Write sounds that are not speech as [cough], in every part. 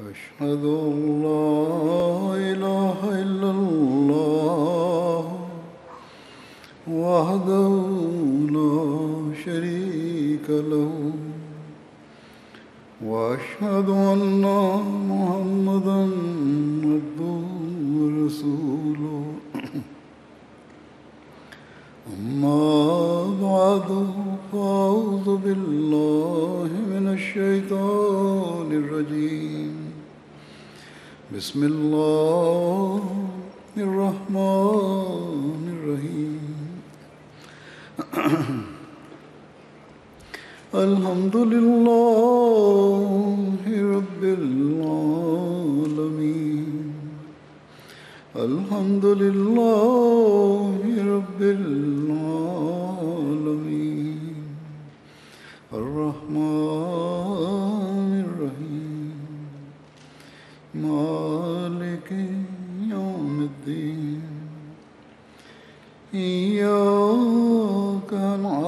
أشهد أن لا إله إلا الله وحده لا شريك له وأشهد أن محمدا عبده ورسوله أما بعد أعوذ بالله من الشيطان الرجيم بسم الله الرحمن الرحيم [clears throat] الحمد لله رب العالمين الحمد لله رب العالمين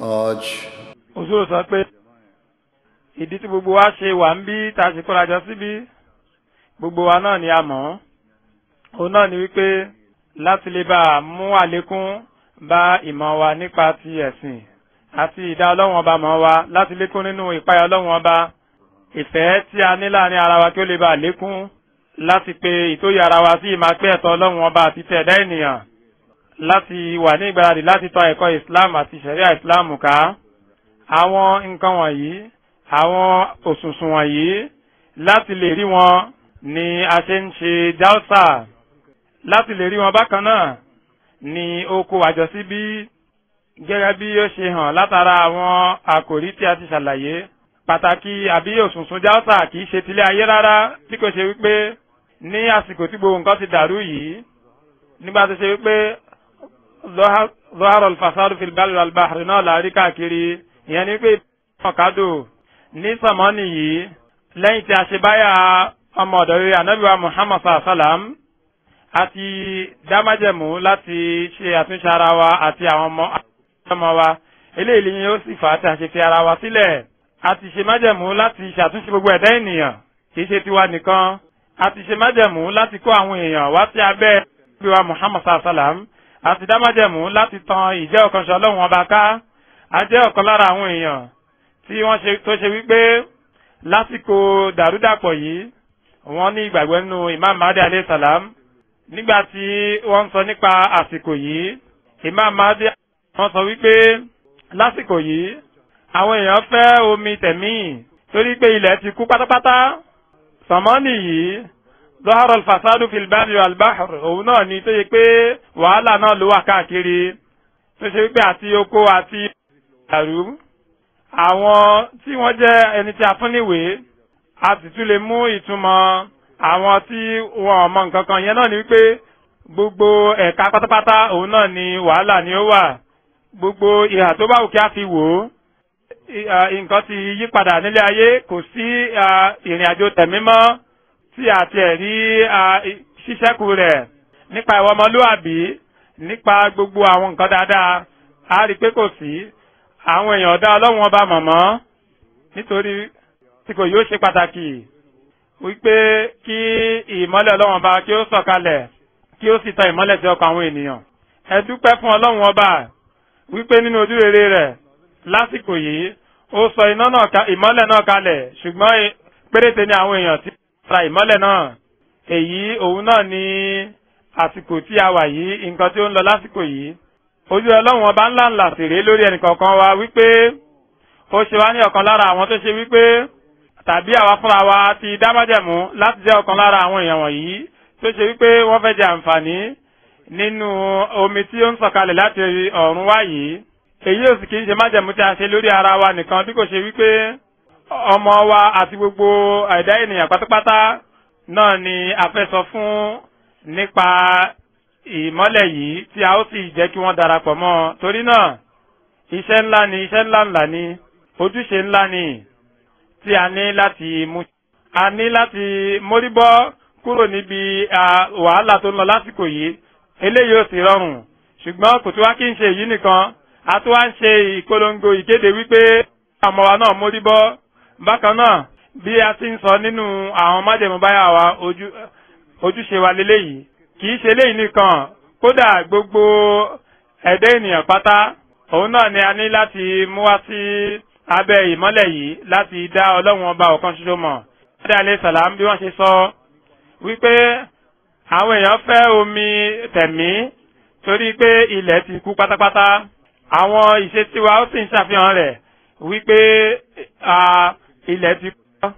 Aj. Òṣòro sọ pé ìdí tí gbogbo wa ṣe wà ń bí ta sì kóra jọ síbí gbogbo wa náà ni a mọ̀ òun náà ni wípé láti lè bá a mú àlékún bá ìmọ̀ wa nípa ti ẹ̀sìn àti ìdá ọlọ́run ọba mọ̀ wa láti lékún nínú ìpáyà ọlọ́run ọba ìfẹ́ tí a ní láàrin ara wa kí ó lè bá a lékún láti pe ìtòyè ara wa sí ìmọ̀ pé ẹ̀tọ́ ọlọ́run ọba àti tẹ̀dá ènìyàn láti wà ní ìgbáradì láti tọ́ ẹ̀kọ́ islam àti sharia islam ká àwọn nǹkan wọ̀nyí àwọn òṣùṣùn wọ̀nyí láti lè rí wọn ni a ṣe ń ṣe jalsa láti lè rí wọn bákan náà ni ó kó àjọ sí bí gẹ́gẹ́ bí ó ṣe hàn látara àwọn àkòrí tí a ti ṣàlàyé pàtàkì àbí òṣùṣùn jalsa kì í ṣe tilé ayé rárá tí kò ṣe wípé ní àsìkò tí gbogbo nǹkan ti dàrú yìí nígbà tó ṣe wípé zọ́hárọ̀ fasadu filibali albahari náà láàrí káàkiri ìyẹn ní pé ọ̀kadò ní sàmọ́nì yìí lẹ́yìn tí a ṣe báyà ọmọ ọ̀dọ̀ rẹ̀ anábìwá muhammad sallam àti dámájẹ̀mú láti ṣe àtúnṣe ara wa àti àwọn ọmọ wa eléyìí ni ó sì fà á tí a ṣe fi ara wa sílẹ̀ a ti ṣe májẹ̀mú láti ṣàtúnṣe gbogbo ẹ̀dá ènìyàn kì í ṣe tiwa nìkan a ṣe májẹ̀mú láti kó àwọn èèyàn wá sí abẹ́ ìgbéwa muhammad sallam àti dámájẹ̀mú láti tan ìjẹ́ ọ̀kan ṣọlọ́run ọba ká a jẹ́ ọ̀kan lára àwọn èèyàn tí wọ́n ṣe tó ṣe wípé lásìkò dàrúdàpọ̀ yìí wọ́n ní ìgbàgbọ́ nínú imam mahdi alayhi salam nígbà tí wọ́n ń sọ nípa àsìkò yìí imam mahdi wọ́n sọ wípé lásìkò yìí àwọn èèyàn fẹ́ omi tẹ̀mí torí pé ilẹ̀ ti kú pátápátá sọ̀mọ́nì yìí zahara alfasadu filibari albahar òun náà ni tó yẹ pé wàhálà náà ló wà káàkiri tó ṣe wípé àti oko àti ìdàrú àwọn tí wọ́n jẹ́ ẹni tí a fún níwèé a sì tún lè mú ìtumọ̀ àwọn tí wọn ò mọ nǹkan kan yẹn náà ni wípé gbogbo ẹ̀ka pátápátá òun náà ni wàhálà ni ó wà gbogbo ìhà tó bá wù kí a fi wò ó nǹkan ti yí padà nílé ayé kò sí ìrìn àjò tẹ̀mí mọ́ tí àti ẹ̀rí ṣíṣẹ́kù rẹ̀ nípa ìwà ọmọlúàbí nípa gbogbo àwọn nǹkan dáadáa a rí i pé kò sí àwọn èèyàn ọ̀dá ọlọ́run ọba mọ̀mọ́ nítorí tí kò yóò ṣe pàtàkì wípé kí ìmọ́lẹ̀ ọlọ́run ọba kí ó sọ̀kalẹ̀ kí ó sì tan ìmọ́lẹ̀ sí ọkàn àwọn ènìyàn ẹ dúpẹ́ fún ọlọ́run ọba wípé nínú ojúrere rẹ̀ lásìkò yìí ó sọ ìmọ́lẹ̀ náà kalẹ̀ ṣùgbọ́n péréte ni àwọn èèyàn tí ra ìmọ́lẹ̀ náà èyí òun náà ni àsìkò tí a wà yìí nǹkan tí ó ń lọ lásìkò yìí ojú ọlọ́run ọba ńlá ńlá sì lórí ẹnìkọ̀ọ̀kan wa wípé ó ṣe wá ní ọ̀kan lára àwọn tó ṣe wípé tàbí àwa fúnra wa ti dá májẹ̀mú láti jẹ́ ọ̀kan lára àwọn èèyàn wọ̀nyí tó ṣe wípé wọ́n fẹ́ jẹ àǹfààní nínú omi tí ó ń sọ̀kalẹ̀ láti ọ̀run wá yìí èyí ò sì kì í ṣe májẹ̀mú tí a ṣe lórí ara wa nìkan bí kò ṣe wípé ọmọ wa àti gbogbo ẹ̀dá ènìyàn pátápátá náà ni a fẹ́ sọ fún nípa ìmọ́lẹ̀ yìí tí a ó sì jẹ́ kí wọ́n darapọ̀ mọ́ torí náà iṣẹ́ ńlá ni iṣẹ́ ńlá ńlá ni ojúṣe ńlá ni tí a ní láti mú. a ní láti móríbọ́ kúrò níbi wàhálà tó ń lọ lásìkò yìí eléyìí ò sì rọrùn ṣùgbọ́n kò tí wá kí n ṣe èyí nìkan a tún wá ń ṣe ìpolongo ìkéde wípé ọmọ wa náà móríbọ́ bákan náà bí a ti ń sọ nínú àwọn májèmú báyà wa ojúṣe wa leléyìí kì í ṣe léyìí nìkan kódà gbogbo ẹ̀dá ènìyàn pátá òun náà ni a ní láti mú wá sí abẹ́ ìmọ́lẹ̀ yìí láti dá ọlọ́run ọba ọ̀kan ṣoṣo mọ̀. ṣáde alẹ́ sàlám bí wọ́n ṣe sọ wípé àwọn èèyàn fẹ́ omi tẹ̀mí torí pé ilẹ̀ ti kú pátápátá àwọn ìṣesí wa ó sì ń ṣàfihàn rẹ̀ wípé ilẹ̀ ti kọ́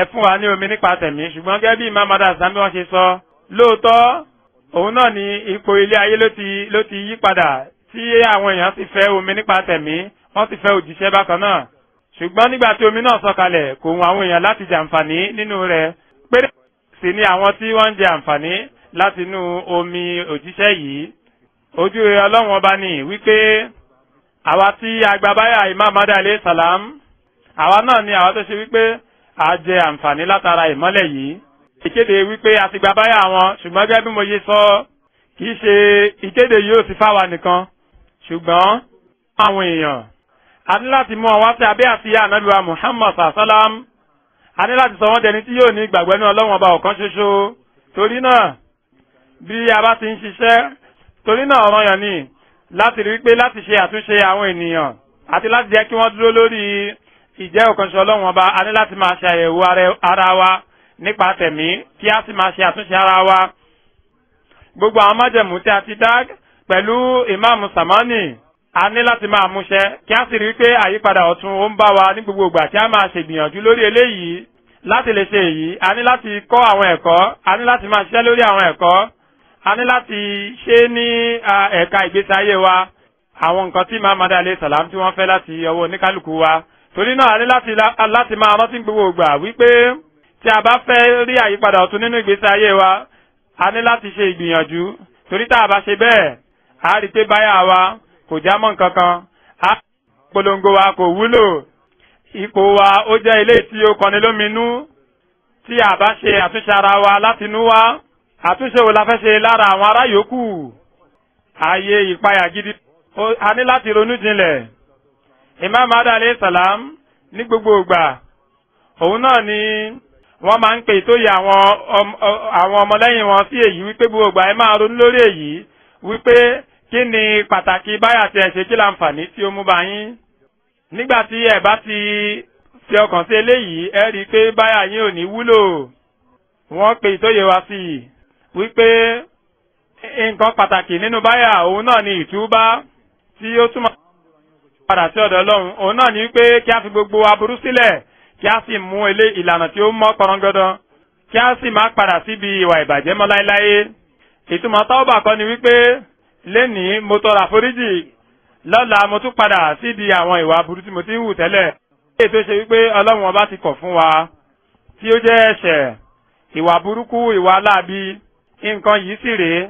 ẹ fún wa ní omi nípa tẹ̀mí ṣùgbọ́n gẹ́gẹ́ bí imam adasa bí wọ́n ṣe sọ lóòótọ́ òun náà ni ipò ilé ayé ló ti ló ti yí padà tí àwọn èèyàn ti fẹ́ omi nípa tẹ̀mí wọ́n ti fẹ́ òjíṣẹ́ bákan náà ṣùgbọ́n nígbà tí omi náà sọ̀kalẹ̀ kò wù àwọn èèyàn láti jàǹfààní nínú rẹ̀ pé sì ni àwọn tí wọ́n ń jẹ àǹfààní láti inú omi òjíṣẹ́ yìí ojú rẹ̀ ọlọ́run ọba ni wípé àwa tí agbábáyà imam adalẹ́ salam àwa náà ni àwa tó ṣe wípé a jẹ àǹfààní látara ìmọ́lẹ̀ yìí ìkéde wípé a ti gba báyà wọn ṣùgbọ́n gẹ́gẹ́ bí mo yé sọ kì í ṣe ìkéde yóò sì fáwa nìkan ṣùgbọ́n àwọn èèyàn a ní láti mú ọwọ́ sí abẹ́ àti ànábìwá Muhammad sallam a ní láti sọ wọ́n dẹni tí yóò ní ìgbàgbọ́ ní Ọlọ́run ọba ọ̀kan ṣoṣo torí náà bí a bá ti ń ṣiṣẹ́ torí náà ọ̀ranyàn ni láti rí pé láti ṣe àtúnṣe àwọn ènìyàn àti láti jẹ́ kí wọ́n dúró lórí ìjẹ́ ọ̀kan ṣe ọlọ́run ọba a ní láti máa ṣe àyẹ̀wò ara wa nípa tẹ̀mí kí a sì máa ṣe àtúnṣe ara wa. gbogbo àwọn májẹ̀mú tí a ti dá pẹ̀lú ìmáàmù sàmánì a ní láti máa múṣẹ kí a sì rí i pé àyípadà ọ̀tun ó ń bá wa ní gbogbo ìgbà kí a máa ṣègbìyànjú lórí eléyìí láti lè ṣe èyí a ní láti kọ́ àwọn ẹ̀kọ́ a ní láti máa ṣiṣẹ́ lórí àwọn ẹ̀kọ́ a ní láti ṣe ní ẹ̀ka ìgbésí ayé wa àwọn nǹkan tí màmá dàlẹ́ sàlám tí wọ́n fẹ́ láti ọwọ́ oníkálukú wa torí náà a ní láti máa rántí gbogbo ìgbà wípé tí a bá fẹ́ rí àyípadà ọ̀tun nínú ìgbésí ayé wa a ní láti ṣe ìgbìyànjú torí tá a bá ṣe bẹ́ẹ̀ a rí pé báyà wa kò já mọ́ nǹkan kan a polongo wa kò wúlò ipò wa ó jẹ́ ilé tí ó kọni lóminú tí a bá ṣe àtúnṣe ara wa látinú wa àtúnṣe wo la fẹ́ ṣe lára àwọn ará yòókù ààyè ìpayà gidi a ní láti ronú jinlẹ̀ imam adá alẹ́ sàlám ní gbogbo ìgbà òun náà ni wọ́n máa ń pè tó yẹ àwọn ọmọlẹ́yìn wọn sí èyí wípé gbogbo ìgbà ẹ máa ronú lórí èyí wípé kí ni pàtàkì báyà tí ẹ ṣe kí láǹfààní tí ó mú bá yín nígbà tí ẹ bá ti fi ọkàn sí eléyìí ẹ rí i pé báyà yín ò ní wúlò wọ́n pè tó yẹ wá sí i wípé nǹkan pàtàkì nínú báyà òun náà ni ìtúbá tí ó túmọ̀ padà sí ọ̀dọ̀ ọlọ́run òun náà ní pé kí a fi gbogbo aburú sílẹ̀ kí a sì mú ilé ìlànà tí ó mọ́ pọrangandan kí a sì má padà síbi ìwà ìbàjẹ́ mọ́ láéláé ìtumọ̀ táwọ́bà kan ni wípé lénìí mo tọrọ àforíjì lọ́la mo tún padà síbi àwọn ìwà aburú tí mo ti ń hù tẹ́lẹ̀ èyí tó ṣe wípé ọlọ́run ọba ti kọ̀ fún wa tí ó jẹ́ ẹ̀ṣẹ̀ ìwà burúkú ìwà aláàbí nǹkan yìí sì rèé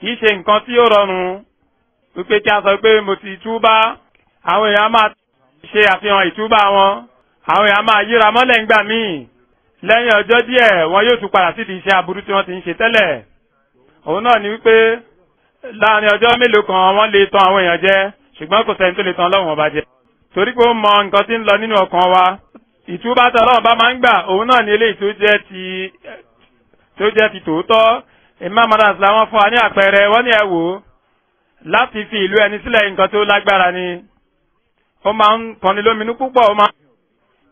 kì í ṣe nǹkan tí ó rọrùn wípé kí a sọ pé mo ti túbá àwọn èèyàn máa ṣe àfihàn ìtúbà wọn àwọn èèyàn máa yíra mọ́lẹ̀ ńgbà míì lẹ́yìn ọjọ́ díẹ̀ wọn yóò tún padà sídìí iṣẹ́ aburú tí wọ́n ti ń ṣe tẹ́lẹ̀ òun náà ni wípé láàrin ọjọ́ mélòó kan wọ́n lè tan àwọn èèyàn jẹ ṣùgbọ́n kò sẹ́ni tó lè tan Ọlọ́run ọba jẹ torí pé ó mọ nǹkan tí ń lọ nínú ọkàn wa ìtúbà tí Ọlọ́run bá máa ń gbà òun náà ni eléyìí tó jẹ́ ti tòótọ́ Imam Anas làwọn fún wa ní àpẹẹrẹ wọ́n ní ẹ wò láti fi ìlú ẹni sílẹ̀ nǹkan tó lágbára ni ó máa ń tọ́nilóminú púpọ̀ ó máa ń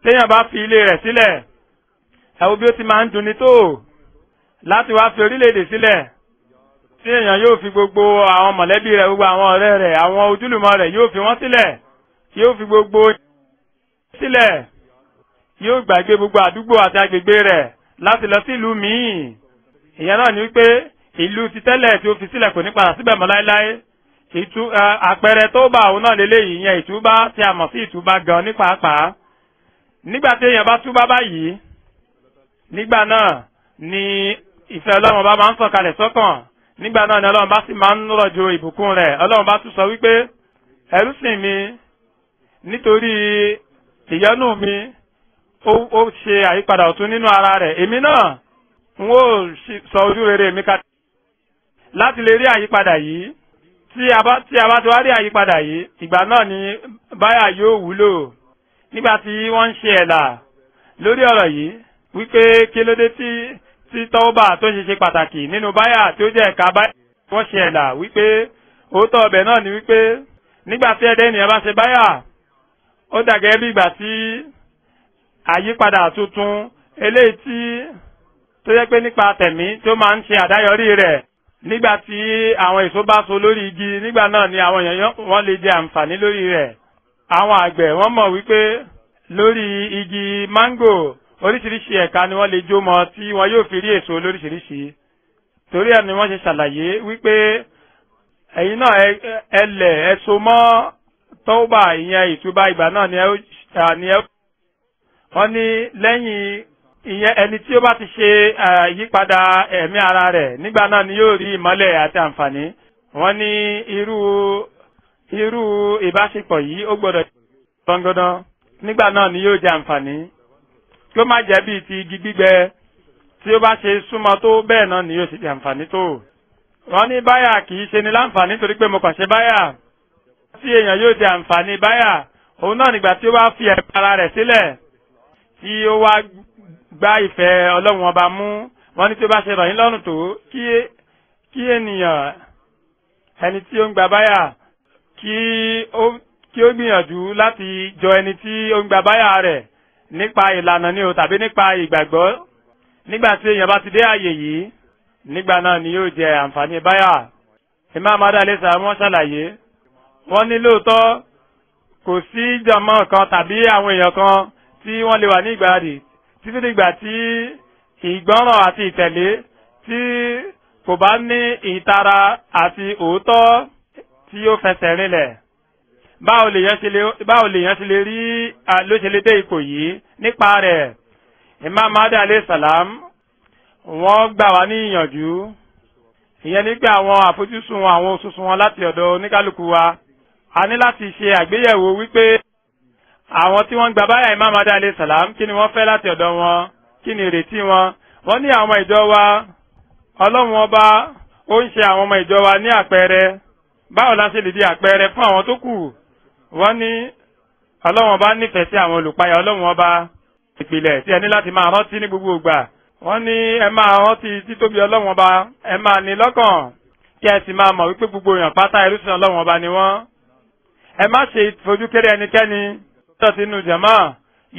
téèyàn bá fi ilé rẹ̀ sílẹ̀ ẹ wo bí ó ti máa ń dunni tó láti wá fi orílẹ̀-èdè sílẹ̀ tí èèyàn yóò fi gbogbo àwọn mọ̀lẹ́bí rẹ̀ gbogbo àwọn ọ̀rẹ́ rẹ̀ àwọn ojúlùmọ̀ rẹ̀ yóò fi wọ́n sílẹ̀ yóò fi gbogbo sílẹ̀ yóò gbàgbé gbogbo àdúgbò àti agbègbè rẹ̀ láti lọ sí ìlú míì ìyẹn náà ni wípé ìlú ti tẹ́lẹ̀ tí ó fi sílẹ̀ kò ní padà síbẹ̀ mọ́ láéláé ìtú àpẹẹrẹ tó bá òun náà lélẹ́yìn yẹn ìtúbá tí a mọ̀ sí ìtúbá gan ní pàápàá nígbà tí èèyàn bá túbá báyìí nígbà náà ni ìfẹ́ ọlọ́run bá máa ń sọ̀kalẹ̀ sọ́kàn nígbà náà ni ọlọ́run bá sì máa ń rọ̀jò ìbùkún rẹ̀ ọlọ́run bá tún sọ wípé ẹ̀rú sìn mi nítorí ìyọ́nú mi ó ṣe àyípadà ọ̀tún nínú ara rẹ̀ èmi náà n ó sọ ojú rere mi kalẹ̀ láti lè rí àyípadà yìí tí a bá tí a bá ti wá rí àyípadà yìí ìgbà náà ni báyà yóò wúlò nígbà tí wọ́n ń ṣe ẹ̀là lórí ọ̀rọ̀ yìí wípé kí ló dé tí tí tọ́wọ́bà tó ṣe ṣe pàtàkì nínú báyà tó jẹ́ ẹ̀ka báyà wọ́n ṣe ẹ̀là wípé òótọ́ ọbẹ̀ náà ni wípé nígbà tí ẹ̀dẹ́ ènìyàn bá ṣe báyà ó dàgẹ́ bí ìgbà tí àyípadà tuntun eléyìí tí tó yẹ pé nípa tẹ̀mí tó máa ń ṣe àdáyọrí rẹ̀ nígbà tí àwọn èso bá so lórí igi nígbà náà ni àwọn èèyàn wọ́n lè jẹ àǹfààní lórí rẹ̀ àwọn àgbẹ̀ wọ́n mọ̀ wípé lórí igi máńgò oríṣiríṣi ẹ̀ka ni wọ́n lè jó mọ́ tí wọn yóò fi rí èso lóríṣiríṣi torí ẹ̀ ni wọ́n ṣe ṣàlàyé wípé ẹ̀yin náà ẹlẹ̀ ẹ̀so mọ́ tọ́wọ́bà ìyẹn ìtúbà ìgbà náà ni ẹ wọ́n ní lẹ́yìn ìyẹn ẹni tí ó bá ti ṣe ìyípadà ẹ̀mí ara rẹ̀ nígbà náà ni yóò rí ìmọ́lẹ̀ àti àǹfààní wọ́n ní irú irú ìbáṣepọ̀ yìí ó gbọ́dọ̀ gbọ́ngàndán nígbà náà ni yóò jẹ àǹfààní kí ó má jẹ́ bíi ti igi gbígbẹ tí ó bá ṣe súnmọ́ tó bẹ́ẹ̀ náà ni yóò ṣe jẹ àǹfààní tó wọ́n ní báyà kì í ṣe ni láǹfààní torí pé mo kàn ṣe báyà tí èèyàn yóò jẹ àǹfààní báyà òun náà nígbà tí ó bá fi ẹ̀mí ara rẹ̀ sílẹ̀ tí ó wá gbá ìfẹ́ ọlọ́run ọba mú wọ́n ní tí ó bá ṣe rọ̀ yín lọ́rùn tó kí ènìyàn ẹni tí ó ń gba báyà kí ó gbìyànjú láti jọ ẹni tí ó ń gba báyà rẹ̀ nípa ìlànà ni o tàbí nípa ìgbàgbọ́ nígbà tí èèyàn bá ti dé àyè yìí nígbà náà ni yóò jẹ àǹfààní báyà Imam adalẹ sàmú ṣàlàyé wọ́n ní lóòótọ́ kò sí jàmọ́ kan tàbí àwọn èèyàn kan tí wọ́n lè wà ní ìgbáradì títí dìgbà tí ìgbọ́ràn àti ìtẹ̀lé tí kò bá ní ìtara àti òótọ́ tí ó fẹsẹ̀ rinlẹ̀ báwo lèèyàn ti lè rí ló ṣe lè dé ipò yìí nípa rẹ̀ Imam Mahdi alayhi salam wọ́n gbà wá ní ìyànjú ìyẹn nígbà àwọn àfojúsùn àwọn oṣooṣù wọn láti ọ̀dọ̀ oníkálukú wa a ní láti ṣe àgbéyẹ̀wò wípé àwọn tí wọ́n gba báyà imam adá alẹ́ sàlám kí ni wọ́n fẹ́ láti ọ̀dọ̀ wọn kí ni ìrètí wọn wọ́n ní àwọn ìjọ wa ọlọ́run ọba ó ń ṣe àwọn ọmọ ìjọ wa ní àpẹẹrẹ báwo la ṣe lè di àpẹẹrẹ fún àwọn tó kù wọ́n ní ọlọ́run ọba nífẹ̀ẹ́ sí àwọn olùpayà ọlọ́run ọba ìpìlẹ̀ tí ẹ ní láti máa rántí ní gbogbo ìgbà wọ́n ní ẹ máa rántí títóbi ọlọ́run ọba ẹ ni wọ́n ẹ má ṣe fojú kéré ẹnikẹ́ni dọ̀tí inú jàmá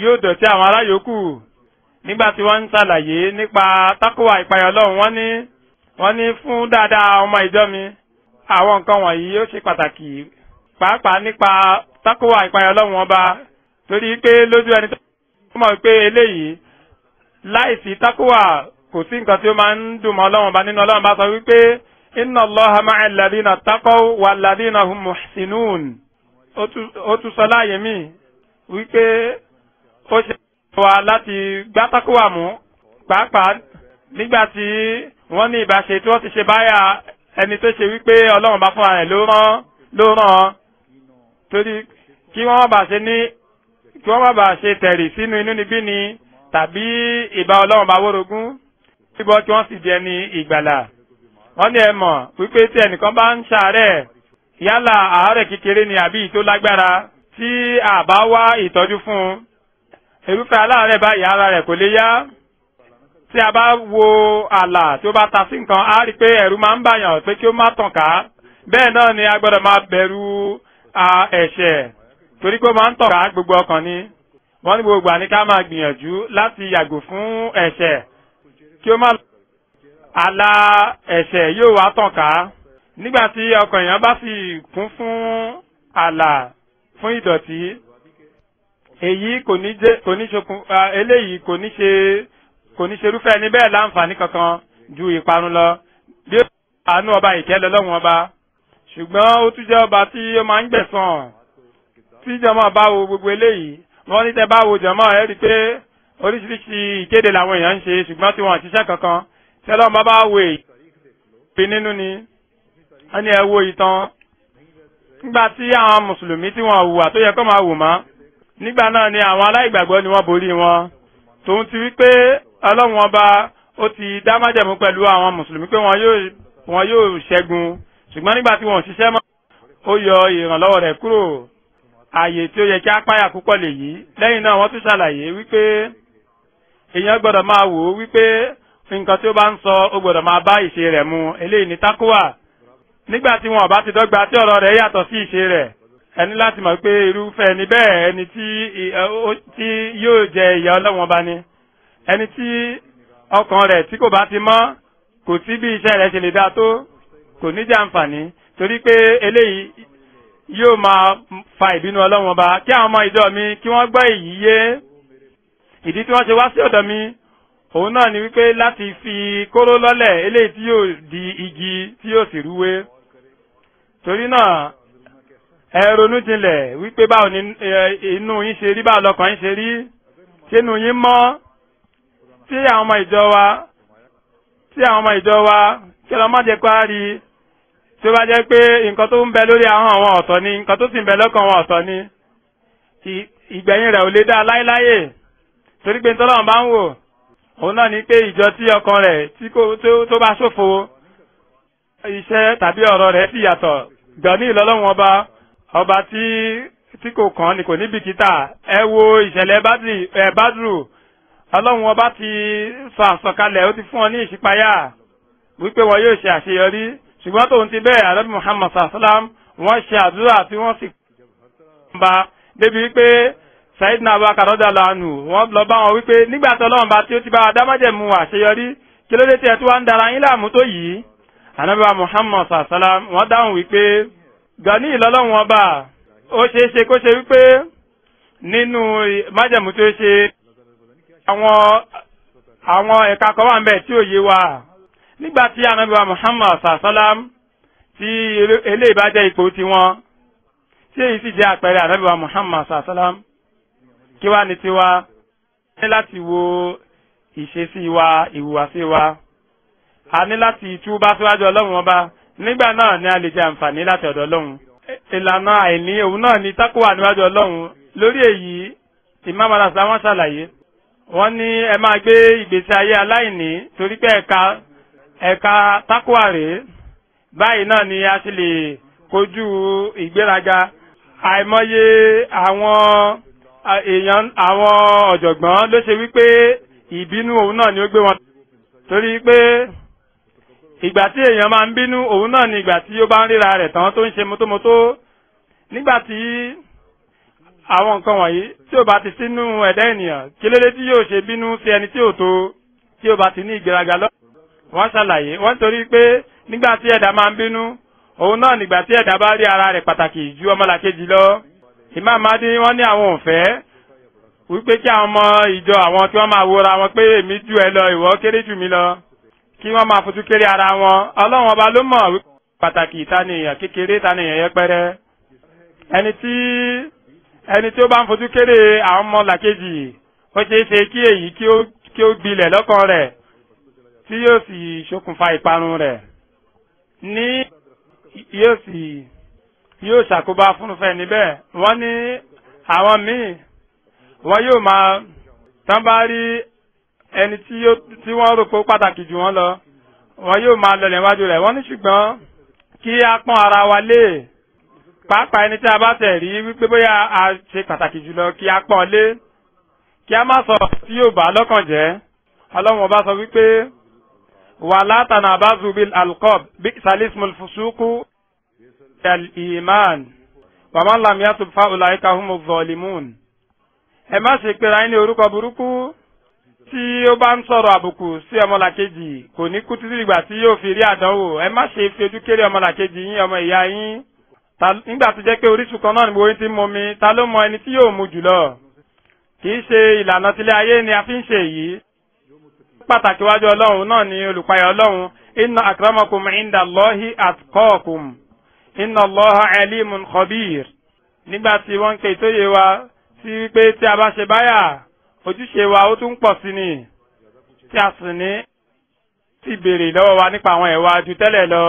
yóò dọ̀tí àwọn ará yòókù nígbà tí wọ́n ń ṣàlàyé nípa tákùwà ìpayà ọlọ́run wọ́n ní wọ́n ní fún dáadáa ọmọ ìjọ mi àwọn nǹkan wọ̀nyí yóò ṣe pàtàkì pàápàá nípa tákùwà ìpayà ọlọ́run ọba torí pé lójú ẹni tó mọ̀ pé eléyìí láìsí tákùwà kò sí nǹkan tí ó máa ń dùn mọ́ ọlọ́run ọba nínú ọlọ́run bá sọ wípé inna Allaha ma'a alladhina taqaw wal ladhina hum muhsinun ó tún sọ láàyè míì wípé ó ṣe wa láti gbátákùwà mú pàápàá nígbà tí wọ́n ní ìbáṣe tí wọ́n ti ṣe báyà ẹni tó ṣe wípé ọlọ́run bá fún ààrẹ ló rán ló rán torí kí wọ́n má bàa ṣe ní kí wọ́n má bàa ṣe tẹ̀rì sínú inúnibíni tàbí ìbá ọlọ́run bá wórogún síbọ̀ tí wọ́n sì di ẹni ìgbàlà wọ́n ní ẹ mọ̀ wípé tí ẹnìkan bá ń ṣàárẹ̀ yálà àárẹ̀ kékeré ni àbí tó tí a bá wá ìtọ́jú fún un irúfẹ́ aláàárẹ̀ báyìí ara rẹ̀ kò lè yá tí a bá wo àlà tí ó bá ta sí nǹkan á rí i pé ẹ̀rù máa ń bàyàn pé kí ó má tàn ká bẹ́ẹ̀ náà ni a gbọ́dọ̀ máa bẹ̀rù ẹ̀ṣẹ̀ torí pé ó máa ń tàn ká gbogbo ọkàn ni wọ́n ní gbogbo àní ká máa gbìyànjú láti yàgò fún ẹ̀ṣẹ̀ kí ó má àlà ẹ̀ṣẹ̀ yóò wá tàn ká nígbà tí ọkàn èèyàn bá sì kún fún àlà fún ìdọ̀tí èyí kò ní jẹ́ kò ní ṣokùn eléyìí kò ní ṣe kò ní ṣerúfẹ́ ẹni bẹ́ẹ̀ láǹfààní kankan ju ìparun lọ bí ó àánú ọba ìkẹ́ lọ́lọ́run ọba ṣùgbọ́n ó tún jẹ́ ọba tí ó máa ń gbẹ̀sán tí jọmọ́ bá wo gbogbo eléyìí wọ́n ní tẹ́ bá wo jọmọ́ ẹ rí i pé oríṣiríṣi ìkéde làwọn èèyàn ń ṣe ṣùgbọ́n tí wọ́n ṣiṣẹ́ kankan tẹ́lọ́mọ́ bá wo èyí pé nínú ni wọ́n ní ẹ wo ìtàn nígbà tí àwọn mùsùlùmí tí wọ́n hùwà tó yẹ kó máa hù mọ́ nígbà náà ni àwọn aláìgbàgbọ́ ni wọ́n borí wọn tòun ti wípé ọlọ́run ọba ó ti dá májẹ̀mú pẹ̀lú àwọn mùsùlùmí pé wọn yóò ṣẹ́gun ṣùgbọ́n nígbà tí wọ́n ṣiṣẹ́ mọ́ ó yọ ìrànlọ́wọ́ rẹ̀ kúrò ààyè tí ó yẹ kí á páyà púpọ̀ lèyí lẹ́yìn náà wọ́n tún ṣàlàyé wípé èèyàn gbọ́dọ̀ máa wò ó wípé nǹkan tí ó bá ń sọ ó gbọ́dọ̀ máa bá ìṣe rẹ̀ mu eléyìí ni tákùwà nígbà tí wọn bá ti dọ́gba tí ọ̀rọ̀ rẹ̀ yàtọ̀ sí ìṣe rẹ̀ ẹni láti mọ̀ pé irúfẹ́ ẹni bẹ́ẹ̀ ẹni tí yóò jẹ ìyà ọlọ́wọ́n bá ní ẹni tí ọkàn rẹ̀ tí kò bá ti mọ́ kò sí bí iṣẹ́ rẹ̀ ṣe lè dáa tó kò ní jẹ́ àǹfààní torí pé eléyìí yóò máa fa ìbínú ọlọ́wọ́n bá kí àwọn ọmọ ìjọ mi kí wọ́n gbọ́ èyí yé ìdí tí wọ́n ṣe wá sí ọ̀dọ̀ mi òun náà ni wípé láti fi kóró lọ́lẹ̀ eléyìí tí yóò di igi tí yóò sì rúwé torí náà ẹ ronú jinlẹ̀ wípé báwo ni inú yín ṣe rí báwo lọkàn yín ṣe rí ṣé inú yín mọ́ tí àwọn ọmọ ìjọ wa tí àwọn ọmọ ìjọ wa kí lọ má jẹ pé a rí tí ó bá jẹ́ pé nǹkan tó ń bẹ lórí ahọ́n àwọn ọ̀tọ̀ ni nǹkan tó sì ń bẹ lọ́kàn wọn ọ̀tọ̀ ni ìgbẹ̀yìn rẹ̀ ò lè dá láéláyè torí pé tọ́lọ́run bá ń wò òun náà ni pé ìjọ tí ọkàn rẹ̀ tí kò tó bá ṣòfò iṣẹ́ tàbí ọ̀rọ̀ rẹ̀ sì yàtọ̀ gani ìlọ́lọ́wọ́n ọba ọba tí tí kò kàn ni kò ní bìkítà ẹ wo ìṣẹ̀lẹ̀ badru ẹ badru ọlọ́run ọba ti sọ àsọkalẹ̀ ó ti fún ọ ní ìṣípayá wípé wọn yóò ṣe àṣeyọrí ṣùgbọ́n tóun ti bẹ́ẹ̀ àrẹ́bí muhammad sallam wọ́n ṣe àdúrà tí wọ́n sì kọ́ débi wípé saheed naba karoda lanu wọ́n lọ bá wọn wípé nígbà tí ọlọ́run bá tí ó ti bá adámájẹ̀mú àṣeyọrí kí ló dé tí tí wàá ń dara yín láàmú tó yìí anábà muhammad sàlám wọ́n dáhùn wípé gani ìlọ́lọ́run ọba ó ṣeé ṣe kó ṣe wípé nínú májẹ̀mú tó ṣe àwọn àwọn ẹ̀ka kan wà ń tí ò wa nígbà tí anábà muhammad sàlám tí eléyìí bá jẹ́ ipò tiwọn tí èyí sì jẹ́ àpẹẹrẹ anábà muhammad sàlám kí wá ní tiwa ní láti wo ìṣesí wa ìhùwàsí wa a ní láti túbá síwájú ọlọ́run ọba nígbà náà ni a lè jẹ àǹfààní láti ọ̀dọ̀ ọlọ́run ìlànà àìní òun náà ni tákùwà níwájú ọlọ́run lórí èyí Imam Al-Aslam wọ́n ṣàlàyé wọ́n ní ẹ máa gbé ìgbésí ayé aláìní torí pé ẹ̀ka ẹ̀ka tákùwà rèé báyìí náà ni a ti lè kojú ìgbéraga àìmọye àwọn èèyàn àwọn ọ̀jọ̀gbọ́n ló ṣe wípé ìbínú òun náà ni ó gbé wọn torí pé ìgbà tí èèyàn máa ń bínú òun náà ni ìgbà tí ó bá ń ríra rẹ̀ tán tó ń ṣe mọ́tómọ́tó nígbà tí àwọn nǹkan wọ̀nyí tí ó bá ti sínú ẹ̀dá ènìyàn kí ló dé tí yóò ṣe bínú sí ẹni tí ò tó tí ó bá ti ní ìgbéraga lọ. wọ́n ṣàlàyé wọ́n torí pé nígbà tí ẹ̀dá máa ń bínú òun náà nígbà tí ẹ̀dá bá rí ara rẹ̀ pàtàkì ju ọmọlàkejì lọ. Imam Mahdi wọ́n ní àwọn òfẹ́ wípé kí àwọn ọmọ ìjọ àwọn tí wọ́n máa wora wọn pé èmi ju ẹ lọ ìwọ kéré jù mí lọ kí wọ́n máa fojú kéré ara wọn ọlọ́run ọba ló mọ̀ pàtàkì ìtanìyàn kékeré ìtanìyàn yẹpẹrẹ ẹni tí ẹni tí ó bá ń fojú kéré àwọn ọmọ làkejì ó ṣeé ṣe kí èyí kí ó gbilẹ̀ lọ́kàn rẹ̀ tí yóò sì ṣokùnfà ìparun rẹ̀ ní yóò sì yóò ṣàkóbá fúnfẹ́ níbẹ̀ wọ́n ní àwọn míì wọ́n yóò máa tán bá rí ẹni tí wọ́n rò pé ó pàtàkì jù wọ́n lọ wọn yóò máa lọlẹ̀ níwájú rẹ̀ wọ́n ní ṣùgbọ́n kí a pọ́n ara wa lé pàápàá ẹni tí a bá tẹ̀ rí wípé bóyá a ṣe pàtàkì jùlọ kí a pọ́n lé kí a má sọ tí yóò bá lọ́kàn jẹ́ ọlọ́run ọba sọ wípé wà látànà abazubil alqob bí salismul fusuku iman wàmán lamiyatu fa humu zolimun ẹ má ṣe pera ẹni orúkọ burúkú tí ó bá ń sọ̀rọ̀ àbùkù sí ọmọlàkejì kò ní kú títí ìgbà tí yóò fi rí àdánwò ẹ má ṣe fi ojú kéré ọmọlàkejì yín ọmọ ìyá yín nígbà tó jẹ́ pé orísun kan náà ni gbogbo yín ti ń mumi ta ló mọ ẹni tí yóò mu jùlọ kì í ṣe ìlànà tilé ayé ni a fi ń ṣe èyí pàtàkì wájú ọlọ́run náà ni olùpayà ọlọ́run inna akramakum inda Allahi atqakum inna Allaha alimun khabir nígbà tí wọ́n ń pe ìtóyè wa sí wípé tí a bá ṣe báyà ojúṣe wa ó tún pọ̀ sí ni tí a sì ní ti béèrè lọ́wọ́ wa nípa àwọn ẹ̀wà ju tẹ́lẹ̀ lọ.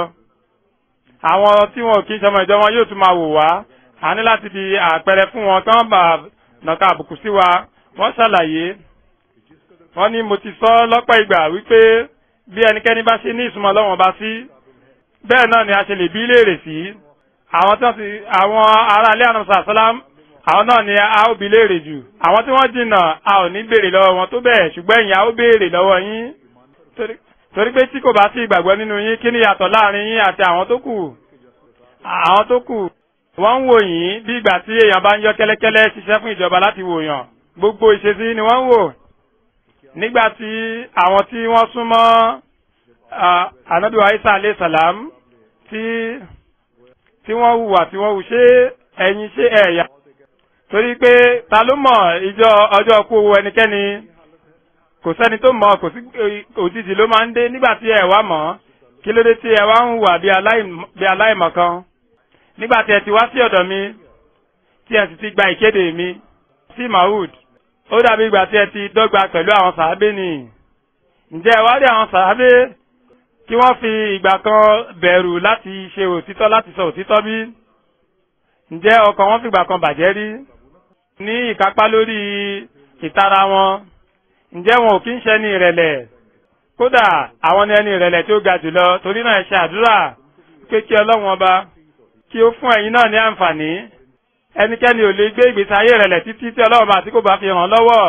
àwọn tí wọn ò kí ń sọmọ ìjọ wọn yóò tún máa wò wá a ní láti di àpẹẹrẹ fún wọn kí bá nàka àbùkù sí wa wọ́n ṣàlàyé. wọ́n ní mo ti sọ lọ́pọ̀ ìgbà wípé bí ẹnikẹ́ni bá ṣe ní ìsúnmọ́ lọ́wọ́n bá sí bẹ́ẹ̀ náà ni a ṣe lè bí léèrè sí. àwọn aráalé àrùn sàṣálàmù àwọn náà ni a ó bi léèrè jù àwọn tí wọ́n jìnnà a ò ní béèrè lọ́wọ́ wọn tó bẹ́ẹ̀ ṣùgbọ́n ẹ̀yin a ó béèrè lọ́wọ́ yín torí pé tí kò bá sí ìgbàgbọ́ nínú yín kí ni yàtọ̀ láàrin yín àti àwọn tó kù àwọn tó kù wọ́n ń wò yín bí ìgbà tí èèyàn bá ń yọ kẹ́lẹ́kẹ́lẹ́ ṣiṣẹ́ fún ìjọba láti wò yàn gbogbo ìṣesí ni wọ́n ń wò nígbà tí àwọn tí wọ́n súnmọ́ anabiwa isa alayhi salam tí tí wọ́n hùwà tí wọ́n hù ṣé ẹ̀yin ṣé ẹ̀yà torí pé ta ló mọ̀ ìjọ ọjọ́ kú owó ẹnikẹ́ni kò sẹ́ni tó mọ̀ kò sí òjijì ló máa ń dé nígbà tí ẹ wá mọ̀ kí ló dé tí ẹ wá ń hùwà bí aláìmọ̀kan nígbà tí ẹ ti wá sí ọ̀dọ̀ mi tí ẹ sì ti gba ìkéde mi sí mahood ó dàbí ìgbà tí ẹ ti dọ́gba pẹ̀lú àwọn sàábé nìyí ǹjẹ́ ẹ wá rí àwọn sàábé kí wọ́n fi ìgbà kan bẹ̀rù láti ṣe òtítọ́ láti sọ òtítọ́ bí ǹjẹ́ ọkàn wọn fìgbà kan bàjẹ́ rí ní ìkápá lórí ìtara wọn ǹjẹ́ wọn ò kí ń ṣe ní ìrẹ̀lẹ̀ kódà àwọn ẹni ìrẹ̀lẹ̀ tí ó ga jùlọ torí náà ẹ ṣe àdúrà pé kí ọlọ́run ọba kí ó fún ẹ̀yin náà ní àǹfààní ẹnikẹ́ni ò lè gbé ìgbésí ayé ìrẹ̀lẹ̀ títí tí ọlọ́run bá tí kò bá fi hàn lọ́wọ́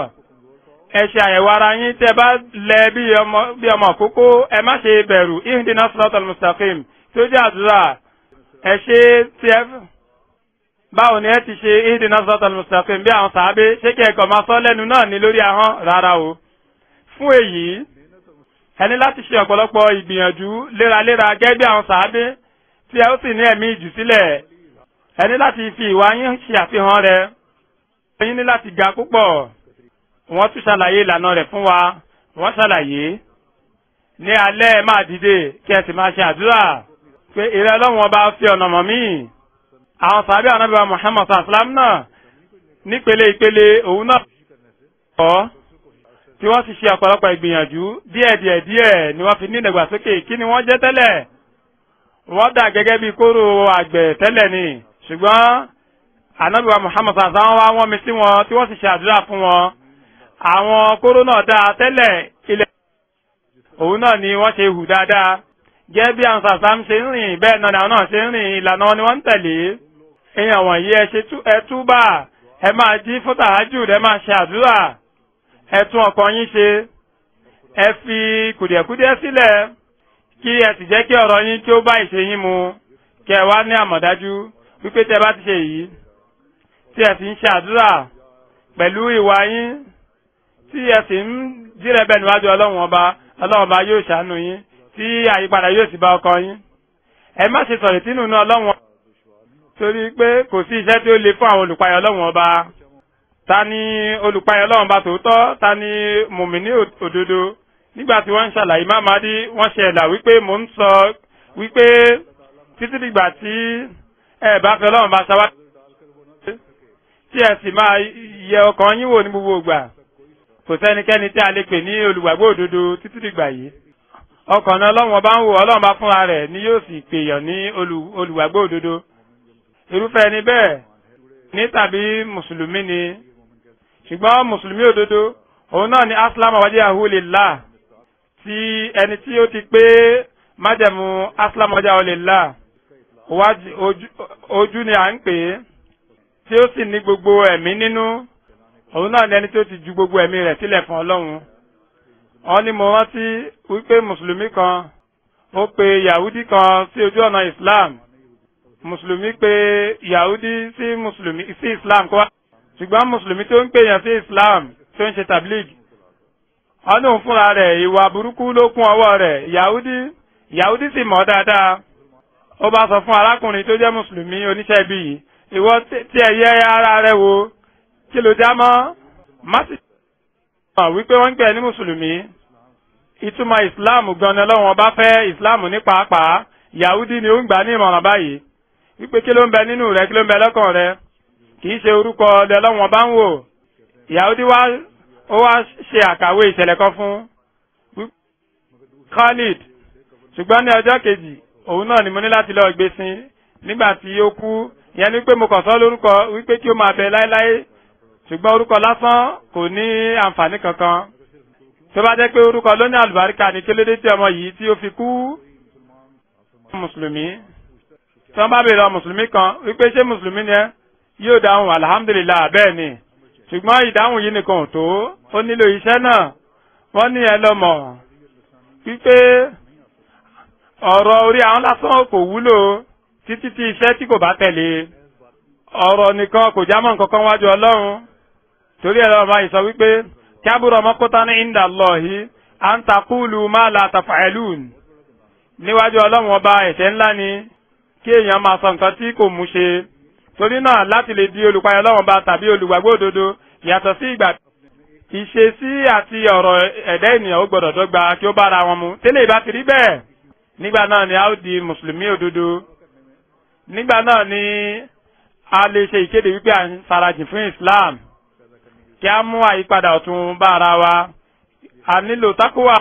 ẹ ṣe àyẹ̀wò ara yín tẹ́ bá lẹ bí ọmọ kókó ẹ má ṣe bẹ̀rù ihdina siratal mustaqim tí ó jẹ́ àdúrà ẹ ṣe tí báwo ni ẹ ti ṣe ìdí nasaratal mustaqim bí àwọn sàábé ṣé kí ẹkọ máa sọ lẹ́nu náà ní lórí ahọ́n rárá o fún èyí ẹni láti ṣe ọ̀pọ̀lọpọ̀ ìgbìyànjú léraléra gẹ́gẹ́ bí àwọn sàábé tí ẹ ó sì ní ẹ̀mí ìjù sílẹ̀ ẹni láti fi ìwà yín ṣe àfihàn rẹ̀ ẹ̀yin ní láti ga púpọ̀ wọ́n tún ṣàlàyé ìlànà rẹ̀ fún wa wọ́n ṣàlàyé ní alẹ́ máa dìde kí ẹ sì máa ṣe àdúrà pé ìrẹ́ ọlọ́run ọba fi ọ̀nà mọ̀ míì àwọn sàbí anábíwá muhammad sallam náà nípele ìpele òun náà kọ́ tí wọ́n sì ṣe ọ̀pọ̀lọpọ̀ ìgbìyànjú díẹ̀díẹ̀ díẹ̀ ni wọ́n fi ní ìdàgbàsókè kí ni wọ́n jẹ́ tẹ́lẹ̀ wọ́n dà gẹ́gẹ́ bí kóró àgbẹ̀ tẹ́lẹ̀ ni ṣùgbọ́n anábíwá muhammad sallam wá wọ́n mi sí wọn tí wọ́n sì ṣe àdúrà fún wọn àwọn kóró náà dáa tẹ́lẹ̀ ilẹ̀ òun náà ni wọ́n ṣe hù dáadáa gẹ́gẹ́ bí àwọn sàṣàm ṣe ń rìn bẹ́ẹ̀ náà làwọn náà ṣe ń rìn ìlànà ni wọ́n ń tẹ̀lé èèyàn wọ̀nyí ẹ ṣe ẹ túbà ẹ máa jí fún tàájùd ẹ máa ṣe àdúrà ẹ tún ọkàn yín ṣe ẹ fi kùdìẹ̀kùdìẹ̀ sílẹ̀ kí ẹ sì jẹ́ kí ọ̀rọ̀ yín kí ó bá ìṣe yín mu kí ẹ wá ní àmọ̀dájú wípé tẹ bá ti ṣe yìí tí ẹ sì ń ṣe àdúrà pẹ̀lú ìwà yín tí ẹ sì ń dírẹ̀bẹ̀ níwájú ọlọ́run ọba ọlọ́run ọba yóò ṣàánú yín tí àyípadà yóò sì bá ọkọ yín ẹ má ṣe sọ̀rètí nínú ọlọ́run ọba torí pé kò sí iṣẹ́ tí ó le fún àwọn olùpayọ̀ ọlọ́run ọba ta ni olùpayọ̀ ọlọ́run ọba tòótọ́ ta ni mùmíní òdodo nígbà tí wọ́n ń ṣàlàyé má máa dí wọ́n ṣe ẹ̀dà wípé mò ń sọ wípé títí dìgbà tí ẹ bá fẹ́ ọlọ́run bá ṣáwá tí ẹ sì máa yẹ ọkàn yín wò ní gbogbo ìgbà kò sẹ́nikẹ́ni tí a lè pè ní olùgbàgbọ́ òdodo títí dìgbà yìí ọkàn ọlọ́run ọba ń wò ọlọ́run bá fúnra rẹ̀ ni yóò sì pèèyàn ní olùgbàgbọ́ òdodo irúfẹ́ ẹni bẹ́ẹ̀ ní tàbí mùsùlùmí ni ṣùgbọ́n mùsùlùmí òdodo òun náà ni aslama wajahu lillah ti ẹni tí ó ti pé májẹ̀mú aslama wajahu lillah ojú ni à ń pè é tí ó sì ní gbogbo ẹ̀mí nínú òun náà ni ẹni tí ó ti ju gbogbo ẹ̀mí rẹ̀ sílẹ̀ fún ọlọ́run ó ní mo rántí wípé mùsùlùmí kan ó pe yahudi kan sí ojú ọ̀nà islam mùsùlùmí pé yahudi sí mùsùlùmí sí islam kọ́ ṣùgbọ́n mùsùlùmí tó ń pèèyàn sí islam tó ń ṣe tablig ọdún fúnra rẹ̀ ìwà burúkú ló kún ọwọ́ rẹ̀ yahudi yahudi sì mọ̀ dáadáa ó bá sọ fún arákùnrin tó jẹ́ mùsùlùmí oníṣẹ́ bí yìí ìwọ tí ẹ yẹ ara rẹ wo kí ló já mọ́ má sì wípé wọ́n ń pè ní mùsùlùmí ìtumọ̀ islam gan-an lọ́wọ́n bá fẹ́ islam ní pàápàá yahudi ni ó ń gbà ní ìmọ̀ràn báyìí wípé kí ló ń bẹ nínú rẹ kí ló ń bẹ lọ́kàn rẹ kì í ṣe orúkọ ọdẹ lọ́wọ́n bá ń wò Yàhúdì wá ó wá ṣe àkàwé ìṣẹ̀lẹ̀ kan fún Khalid ṣùgbọ́n ní ọjọ́ kejì òun náà ni mo ní láti lọ gbé sin nígbà tí ó kú ìyẹn ni pé mo kàn sọ lórúkọ wípé kí ó máa bẹ láéláé ṣùgbọ́n orúkọ lásán kò ní àǹfààní kankan tó bá jẹ́ pé orúkọ ló ní àlùbáríkà ní kélédé tí ọmọ yìí tí ó fi kú tí wọ́n bá béèrè lọ mùsùlùmí kan wípé ṣé mùsùlùmí ni ẹ́ yóò dáhùn alhamdulilah bẹ́ẹ̀ ni ṣùgbọ́n ìdáhùn yìí nìkan ò tó ó nílò iṣẹ́ náà wọ́n ní ẹ lọ́mọ̀ wípé ọ̀rọ̀ orí àwọn lásán kò wúlò títí tí iṣẹ́ tí kò bá tẹ̀lé ọ̀rọ̀ nìkan kò já mọ́ wájú ọlọ́run torí ẹ̀rọ ọba yìí sọ wípé kí abúrò ọmọkúta ní inda Allahi à ń takúlù má la tafa'alun níwájú ọlọ́run ni kí èèyàn máa sọ nǹkan tí kò mú ṣe torí náà láti lè di olùpayọ lọ́wọ́n ba tàbí olùgbàgbọ́ òdodo yàtọ̀ sí ìgbà ìṣesí àti ọ̀rọ̀ ẹ̀dá ènìyàn ó gbọ́dọ̀ dọ́gba kí ó bára wọn mu tẹ́lẹ̀ ìbá ti rí bẹ́ẹ̀ nígbà náà ni a ó di mùsùlùmí òdodo nígbà náà ni a lè ṣe ìkéde wípé à ń sarajìn fún Islam kí a mú àyípadà ọ̀tun bá ara wa a nílò tákùwà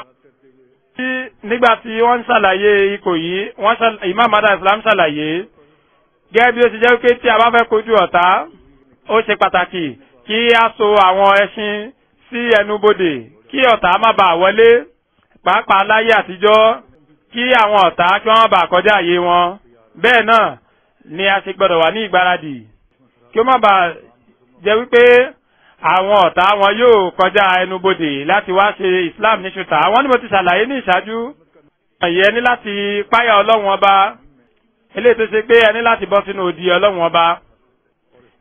nígbà tí wọ́n ń ṣàlàyé ikọ̀ yìí wọ́n imam adá islam ṣàlàyé gẹ́gẹ́ bí ó ti jẹ́ pé tí a bá fẹ́ kojú ọ̀tá ó ṣe pàtàkì kí a so àwọn ẹṣin sí ẹnubodè kí ọ̀tá má bàa wọlé pàápàá láyé àtijọ́ kí àwọn ọ̀tá kí wọ́n bàa kọjá àyè wọn bẹ́ẹ̀ náà ni a ṣe gbọ́dọ̀ wà ní ìgbáradì kí ó má bàa jẹ́ wípé àwọn ọ̀tá wọn yóò kọjá ẹnubodè láti wá ṣe islam ní ṣùtà àwọn ni mo ti ṣàlàyé ní ìṣáájú ìyẹn ní láti páyà ọlọ́run ọba eléyìí tó ṣe pé ẹni láti bọ́ sínú odi ọlọ́run ọba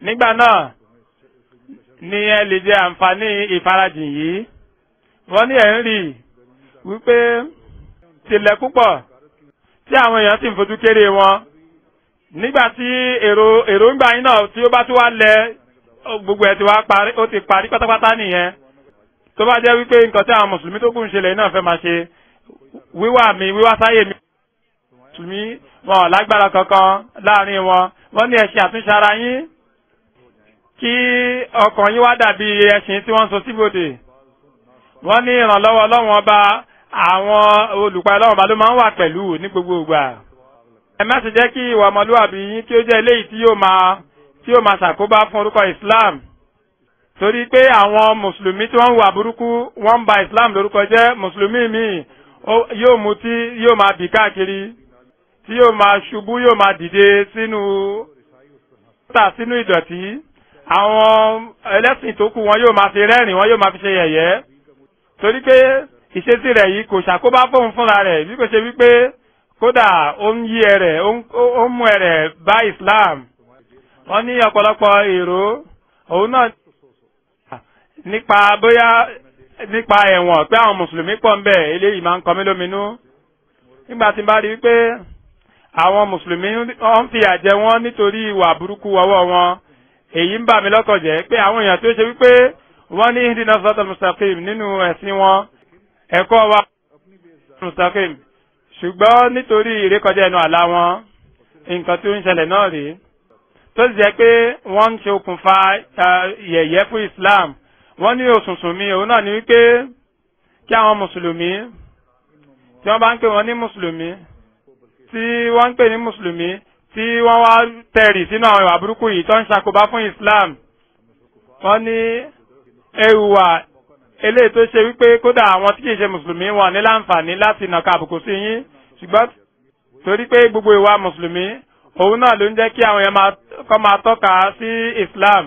nígbà náà ni ẹ lè jẹ àǹfààní ìfarajìn yìí wọ́n ní ẹ̀ ń rí wípé tilẹ̀ púpọ̀ tí àwọn èèyàn sì ń fojú kéré wọn nígbà tí èròǹgbà yín náà tí ó bá tún wá lẹ gbogbo ẹ̀ ti wá parí ó ti parí pátápátá nìyẹn tó bá jẹ́ wípé nǹkan tí àwọn mùsùlùmí tó kùn ṣẹlẹ̀ náà fẹ́ máa ṣe wíwà mi wíwá sáyè mi mùsùlùmí wọn ò lágbára kankan láàrin wọn wọ́n ní ẹ̀sìn àtúnṣe ara yín kí ọkàn yín wá dàbí ẹ̀sìn tí wọ́n ń sọ síbòdè wọ́n ní ìrànlọ́wọ́ ọlọ́run ọba àwọn olùpàá ọlọ́run ọba ló máa ń wà pẹ̀lú ní gbogbo ìgbà ẹ má sì jẹ́ kí ìwà ọmọlúwàbí yín kí ó jẹ́ eléyìí tí yóò máa tí ó máa ṣàkóbá fún orúkọ islam torí pé àwọn mùsùlùmí tí wọ́n wà burúkú wọ́n ba islam lórúkọ jẹ́ mùsùlùmí míì yóò mutí yóò máa bì káàkiri tí yóò máa ṣubú yóò máa dìde sínú tà sínú ìdọ̀tí àwọn ẹlẹ́sìn tó kù wọn yóò máa fi rẹ́rìn wọn yóò máa fi ṣe yẹ̀yẹ́ torí pé ìṣesí rẹ̀ yìí kò ṣàkóbá fóun fúnra rẹ̀ bí kò ṣe wípé kódà ó ń yí ẹ̀rẹ̀ ó ń mú ẹ̀rẹ̀ bá islam wọ́n ní ọ̀pọ̀lọpọ̀ èrò òun náà nípa bóyá nípa ẹ̀wọ̀n pé àwọn mùsùlùmí pọ̀ ń bẹ̀ eléyìí máa ń kọ mí lóminú nígbà tí n bá rí i pé àwọn mùsùlùmí ń fi àjẹ wọn nítorí ìwà burúkú ọwọ́ wọn èyí ń bà mí lọ́kàn jẹ́ pé àwọn èèyàn tó ṣe wípé wọ́n ní hindina sọ́tọ̀ mustaqim nínú ẹ̀sìn wọn ẹ̀kọ́ wa mustaqim ṣùgbọ́n nítorí ìrékọjá ẹnu àlá wọn nǹkan tó ń ṣẹlẹ̀ náà rèé tó sì jẹ́ pé wọ́n ń ṣe okùnfà yẹ̀yẹ́ fún Islam wọ́n ní òṣùṣùn mi òun náà ni wípé kí àwọn mùsùlùmí tí wọ́n bá ń pè wọ́n ní mùsùlùmí tí wọ́n ń pè ní mùsùlùmí tí wọ́n wá tẹ̀rì sínú àwọn ìwà burúkú yìí tó ń ṣàkóbá fún Islam wọ́n ní ewùwà eléyìí tó ṣe wípé kódà àwọn tí kìí ṣe mùsùlùmí wọ́n ní láǹfààní láti nàka àbùkù sí yín ṣùgbọ́n torí pé gbogbo ìwà mùsùlùmí òun náà ló ń jẹ́ kí àwọn yẹn kọ́ máa tọ́ka sí islam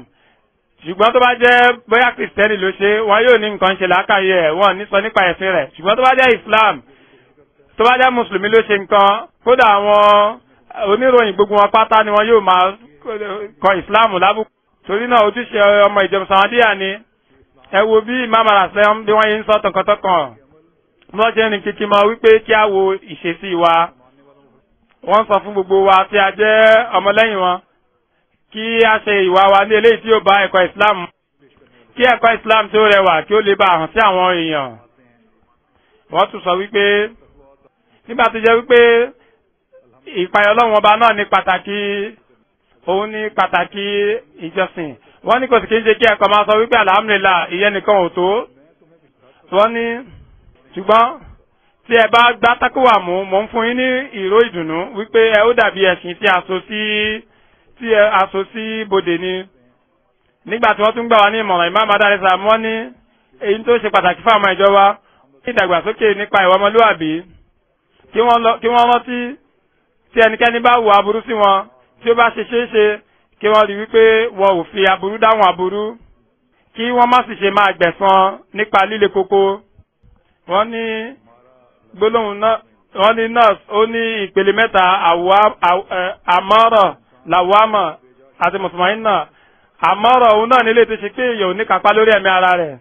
ṣùgbọ́n tó bá jẹ́ bóyá kìrìsìtẹ́nì ló ṣe wọn yóò ní nǹkan ṣe làákàyè ẹ̀ wọ́n ní sọ nípa ẹ̀sìn rẹ̀ ṣùgbọ́n tó bá jẹ́ islam tó bá jẹ́ mùsùlùmí ló ṣe nǹkan kódà àwọn oníròyìn gbogbo wọn pátá ni wọn yóò máa kọ islam lábùkù torí náà ojúṣe ọmọ ìjọba sàmádíyà ni ẹ wo bí imam alasem bí wọ́n yé ń sọ tọkàntọkàn bí wọ́n ṣe ń rìn kìkì mọ́ wípé kí á wo ìṣesí wa wọ́n sọ fún gbogbo wa tí a jẹ́ ọmọlẹ́yìn wọn kí a ṣe ìwà wa ní eléyìí tí ó bá ẹ̀kọ́ islam kí ẹ̀kọ́ islam tó rẹwà kí ó lè bá hàn sí àwọn èèyàn wọ́n tún sọ wípé nígbà tó jẹ́ wípé ìpayọ̀ ọlọ́run ọba náà ní pàtàkì òun ní pàtàkì ìjọsìn wọ́n ní kò sì kí ń ṣe kí ẹ̀kọ́ máa sọ wípé alhamdulilah ìyẹn nìkan ò tó wọ́n ní ṣùgbọ́n tí ẹ bá gbá tákùwà mú mò ń fún yín ní ìró ìdùnnú wípé ẹ ó dàbí ẹ̀sìn tí a sí tí a sí bodè ni nígbà tí wọ́n tún gbà wá ní ìmọ̀ràn ìmáàmù adarisa wọ́n ní èyí tó ṣe pàtàkì fún àwọn ìjọba ní ìdàgbàsókè nípa ìwà ọmọlúwàbí kí wọ́n rántí tí ẹnikẹ́ni bá wo aburú sí wọn tí ó bá ṣe ṣeé ṣe kí wọ́n rí wípé wọn ò fi aburú dáhùn aburú kí wọ́n má sì ṣe máa gbẹ̀san nípa líle koko wọ́n ní gbólóhùn náà wọ́n ní nurse ó ní ìpele mẹ́ta àmọ́rọ̀ làwámọ̀ àti mùsùlùmí náà àmọ́rọ̀ òun náà nílé tó ṣe pé èèyàn ò ní kápá lórí ẹ̀mí ara rẹ̀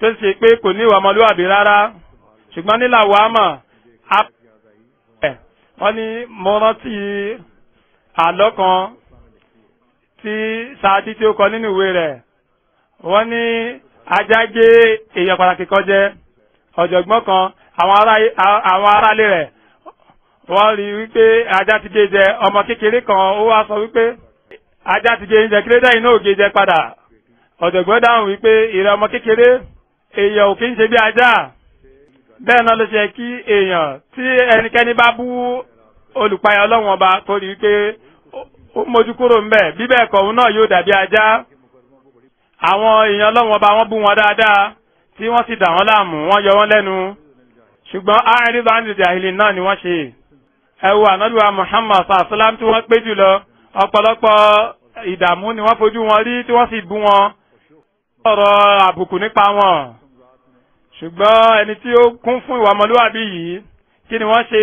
tó ṣe pé kò ní ìwà ọmọlúwàbí rárá ṣùgbọ́n ní làwámọ̀ wọ́n ní mo rántí àlọ́ kan tí sáájú tí ó kọ nínú ìwé rẹ̀ wọ́n ní ajá gé èèyàn pàtàkì kan jẹ ọ̀jọ̀gbọ́n kan àwọn aráalé rẹ̀ wọ́n rí wípé ajá ti gé jẹ ọmọ kékeré kan ó wá sọ wípé ajá ti gé jẹ kílódé yìí náà gé jẹ padà ọ̀jọ̀gbọ́n dáhùn wípé ìrẹ́ ọmọ kékeré èèyàn ò kí ń ṣe bí ajá bẹ́ẹ̀ náà ló ṣe kí èèyàn tí ẹnikẹ́ni bá bú olùpayà ọlọ́wọ́n ọba tó rí wípé ó mójú kúrò ń bẹ̀ bí bẹ́ẹ̀ kọ́ òun náà yóò dàbí ajá àwọn èèyàn ọlọ́wọ́n ọba wọ́n bú wọn dáadáa tí wọ́n sì dà wọ́n láàmú wọ́n yọ wọ́n lẹ́nu ṣùgbọ́n àìríbá ní ìdàhìlì náà ni wọ́n ṣe ẹ ànádùá Muhammad sàṣálàm tí wọ́n pé jùlọ ọ̀pọ̀lọpọ̀ ìdààmú ni wọ́n fojú wọn rí tí wọ́n sì bú wọn ọ̀rọ̀ àbùkù nípa wọn ṣùgbọ́n ẹni tí ó kún fún ìwà ọmọlúwàbí yìí kí ni wọ́n ṣe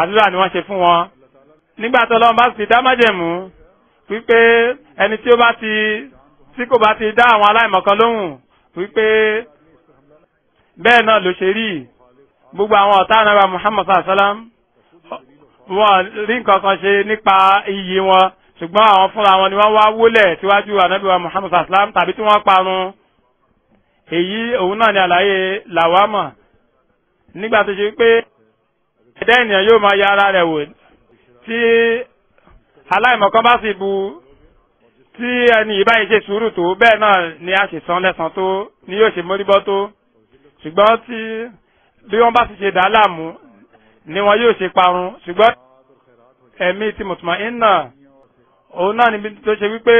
àdúrà ni wọ́n ṣe fún wọn nígbà tó lọ́wọ́ bá sì dá májẹ̀mú wípé ẹni tí ó bá ti tí kò bá ti dá àwọn aláìmọ̀kan lóhùn wípé bẹ́ẹ̀ náà ló ṣe rí gbogbo àwọn ọ̀tá anábà muhammad sallam wọn rí nǹkan kan ṣe nípa iyì wọn ṣùgbọ́n àwọn fúnra wọn ni wọ́n wá wólẹ̀ síwájú anábìwá muhammad sallam tàbí tí wọ́n parun èyí òun náà ni àlàyé làwámà nígbà tó ṣe pé ẹ̀dá ènìyàn yóò máa ya ara rẹ̀ wò tí aláìmọ̀kan bá sì bu tí ẹni ìbáyìí ṣe sùúrù tó bẹ́ẹ̀ náà ni a ṣe san lẹ́san tó ni yóò ṣe móríbọ́ tó ṣùgbọ́n tí bí wọ́n bá ti ṣe dá láàmú ni wọn yóò ṣe parun ṣùgbọ́n ẹ̀mí ti mùtùmọ̀ iná òun náà níbi tó ṣe wípé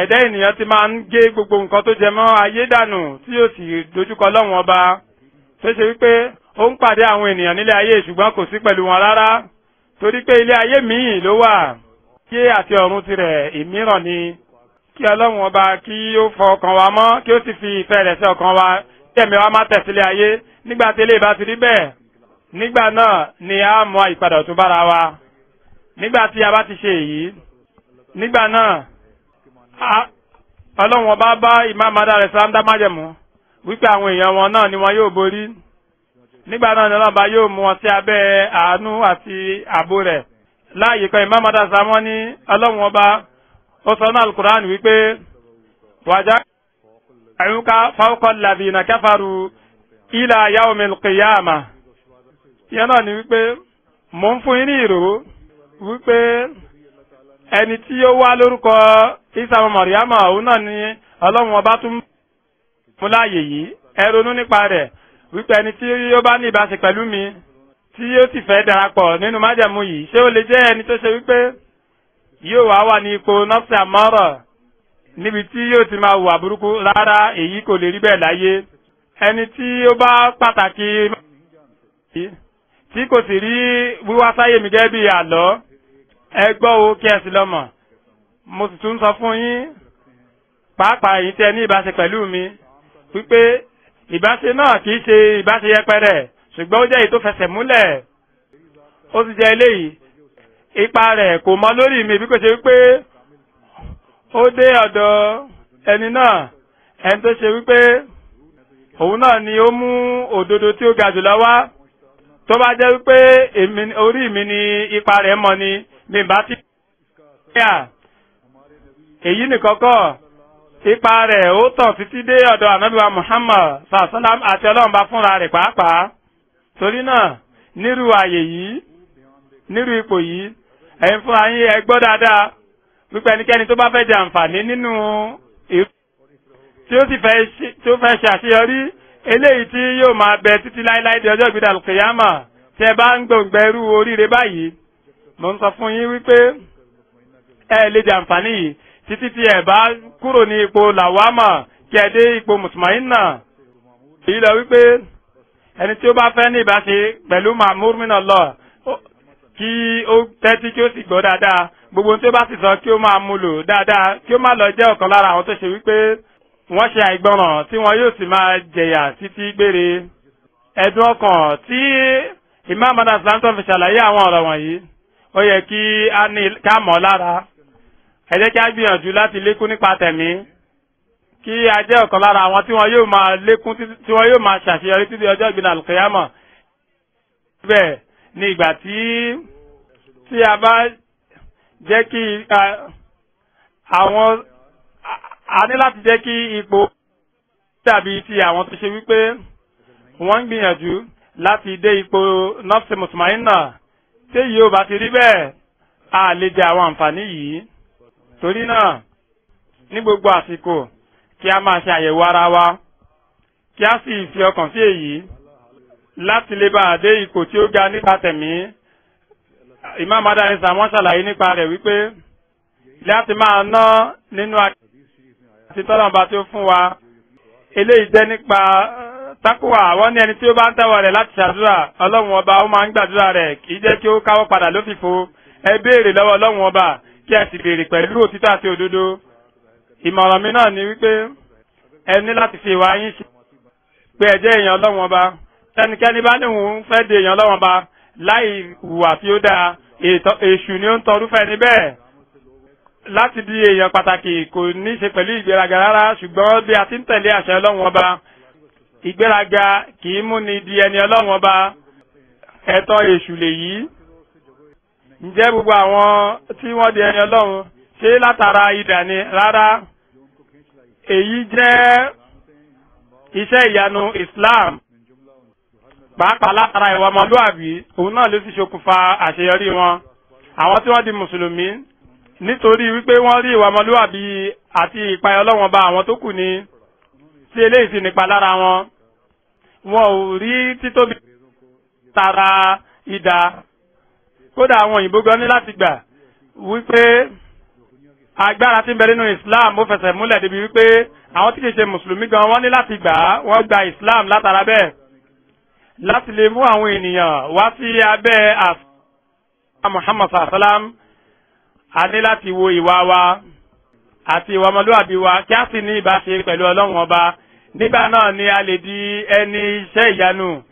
ẹ̀dá ènìyàn ti máa ń gé gbogbo nǹkan tó jẹ mọ́ ayé dànù tí yóò sì dojúkọ lọ́wọ́n ọba tó ṣe wípé ó ń pàdé àwọn ènìyàn nílé ayé ṣùgbọ́n kò sí pẹ̀lú wọn rárá torí pé ilé ayé míì ló wà kí àti ọ̀run tirẹ̀ ìmíràn ni kí ọlọ́run ọba kí ó fọ ọkàn wa mọ́ kí ó sì fi ìfẹ́ rẹ̀ sí ọkàn wa tẹ̀mí wa máa tẹ̀sílẹ̀ ayé nígbà tí eléyìí bá ti rí bẹ́ẹ̀ nígbà náà ni a mọ ìpadà ọ̀tún bára wa nígbà tí a bá ti ṣe èyí nígbà náà ọlọ́run ọba bá Imam adarẹ̀ sàlámdá májẹ̀mú wípé àwọn èèyàn wọn náà ni wọn yóò borí nígbà náà ni ọlọ́ba yóò mú wọn sí abẹ́ àánú àti ààbò rẹ̀ láàyè kan Imam adarẹ̀ sàlámọ́ ní ọlọ́run ọba ó sọ náà Al-Qur'an wípé wàjá ayuka fawqa alladhina kafaru ila yawmil qiyamah yẹn náà ni wípé mò ń fún yín ní ìró wípé ẹni tí ó wá lórúkọ isa mariama òun náà ni ọlọ́run ọba tún mú láàyè yìí ẹ ronú nípa rẹ̀ wípé ẹni tí ó bá ní ìbáṣe pẹ̀lú mi tí ó sì fẹ́ darapọ̀ nínú májẹ̀mú yìí ṣé ó lè jẹ́ ẹni tó ṣe wípé yóò wá wà ní ipò nọ́ọ̀sì àmọ́rọ̀ níbi tí yóò ti máa wà burúkú rárá èyí kò lè rí bẹ́ẹ̀ láyé ẹni tí ó bá pàtàkì tí kò sì rí wíwá sáyé mi gẹ́gẹ́ bí àlọ́ ẹ gbọ́ o kí ẹ sì lọ́mọ̀ mo sì tún sọ fún yín pàápàá èyí tí ẹ ní ìbáṣe pẹ̀lú mi wípé ìbáṣe náà kì ṣe ìbáṣe yẹpẹrẹ ṣùgbọ́n ó jẹ́ èyí tó fẹsẹ̀ múlẹ̀ ó sì jẹ́ eléyìí ipa rẹ̀ kò mọ lórí mi bí kò ṣe wípé ó dé ọ̀dọ̀ ẹni náà ẹni tó ṣe wípé òun náà ni ó mú òdodo tí ó ga jùlọ wá tó bá jẹ́ wípé orí mi ni ipa rẹ̀ mọ ni mi bá ti yà èyí nìkan kọ́ ipa rẹ̀ ó tàn títí dé ọ̀dọ̀ ànábìwá Muhammad sàṣọlám àti Ọlọ́run bá fúnra rẹ̀ pàápàá torí náà nírú àyè yìí nírú ipò yìí ẹ̀yin fúnra yín ẹ gbọ́ dáadáa gbogbo ẹnikẹ́ni tó bá fẹ́ jẹ àǹfààní nínú ìrú tí ó sì fẹ́ ṣe àṣeyọrí eléyìí tí yóò máa bẹ títí láéláé di ọjọ́ ìgbéda lùkìyàmà tí ẹ bá ń gbòǹgbẹ̀rú oríire báyìí mo ń sọ fún yín wípé ẹ lè jẹ àǹfààní yìí títí tí ẹ bá kúrò ní ipò làwámà kí ẹ dé ipò mùsùmáìnà èyí lọ wípé ẹni tí ó bá fẹ́ ní ìbáṣe pẹ̀lú mahmud minallah kí ó tẹ́tí kí ó sì gbọ́ dáadáa gbogbo tó bá sì sọ kí ó máa mú lò dáadáa kí ó má lọ jẹ́ ọ̀kan lára àwọn tó ṣe wípé wọ́n ṣe àìgbọràn tí wọn yóò sì máa jẹ̀yà títí gbére ẹ̀dùn ọkàn tí imam anas lantan fi ṣàlàyé àwọn ọ̀rọ̀ wọ̀nyí ó yẹ kí a ní ká mọ̀ lára ẹ jẹ́ kí a gbìyànjú láti lékún nípa tẹ̀mí kí a jẹ́ ọ̀kan lára àwọn tí wọn yóò máa lékún tí wọn yóò máa ṣàṣeyọrí títí ọjọ́ ìgbìnà alùkìyàmọ̀ bẹ́ẹ̀ ni ìgbà tí tí a bá jẹ́ kí àwọn a ní láti jẹ́ kí ipò dàbí ti àwọn tó ṣe wípé wọ́n ń gbìyànjú láti dé ipò nafsi mutmainna tí èyí ò bá ti rí bẹ́ẹ̀ a lè jẹ àwọn àǹfààní yìí torí náà ní gbogbo àsìkò kí a máa ṣe àyẹ̀wò ara wa kí a sì fi ọkàn sí èyí láti lè bá a dé ipò tí ó ga nípa tẹ̀mí imam adarisa wọ́n ṣàlàyé nípa rẹ̀ wípé láti máa ná nínú àti tọ́lọ́mba tí ó fún wa eléyìí jẹ́ nípa eh, takuwa wọ́n ní ẹni tí ó bá ń tẹ́wọ̀ rẹ̀ láti ṣàdúrà ọlọ́run ọba ó máa ń gbàdúrà rẹ̀ kì í jẹ́ kí ó káwọ́ padà lófìfo ẹ béèrè lọ́wọ́ ọlọ́run ọba kí ẹ sì béèrè pẹ̀lú òtítọ́ àti òdodo ìmọ̀ràn mi náà ni wípé ẹ ní láti fi ìwà yín ṣe pé ẹ jẹ́ èèyàn ọlọ́run ọba tẹnikẹ́ni bá ní fẹ́ di èèyàn ọlọ́run ọba láì hùwà tí ó dáa èṣù ni ó ń tọrú fẹ́ níbẹ̀ láti di èèyàn pàtàkì kò ní í ṣe pẹ̀lú ìgbéraga rárá ṣùgbọ́n bí a ti ń tẹ̀lé àṣẹ ọlọ́run ọba ìgbéraga kì í múni di ẹni ọlọ́run ọba ẹ̀tọ́ èṣù lèyí ǹjẹ́ gbogbo àwọn tí wọ́n di ẹni ọlọ́run ṣé látara idà ni rárá èyí jẹ́ iṣẹ́ ìyanu Islam pàápàá látara ìwà ọmọlúàbí òun náà ló sì ṣokùnfà àṣeyọrí wọn àwọn tí wọ́n di mùsùlùmí nítorí wípé wọ́n rí ìwà ọmọlúàbí àti ìpayọ Ọlọ́run ba àwọn tó kù ní tí eléyìí sì nípa lára wọn wọn ò rí títóbi tara ìdá kódà àwọn òyìnbó gan ní láti gbà wípé agbára tí ń bẹ nínú Islam ó fẹsẹ̀ múlẹ̀ débi wípé àwọn tí kìí ṣe mùsùlùmí gan wọ́n ní láti gbà wọ́n gba Islam látara bẹ́ẹ̀ láti lè mú àwọn ènìyàn wá sí abẹ́ àfihàn muhammad sallam a ní láti wo ìwà wa àti ìwà ọmọlúwàbí wa kí a sì ní ìbáṣe pẹ̀lú ọlọ́run ọba nígbà náà ni a lè di ẹni iṣẹ́ ìyanu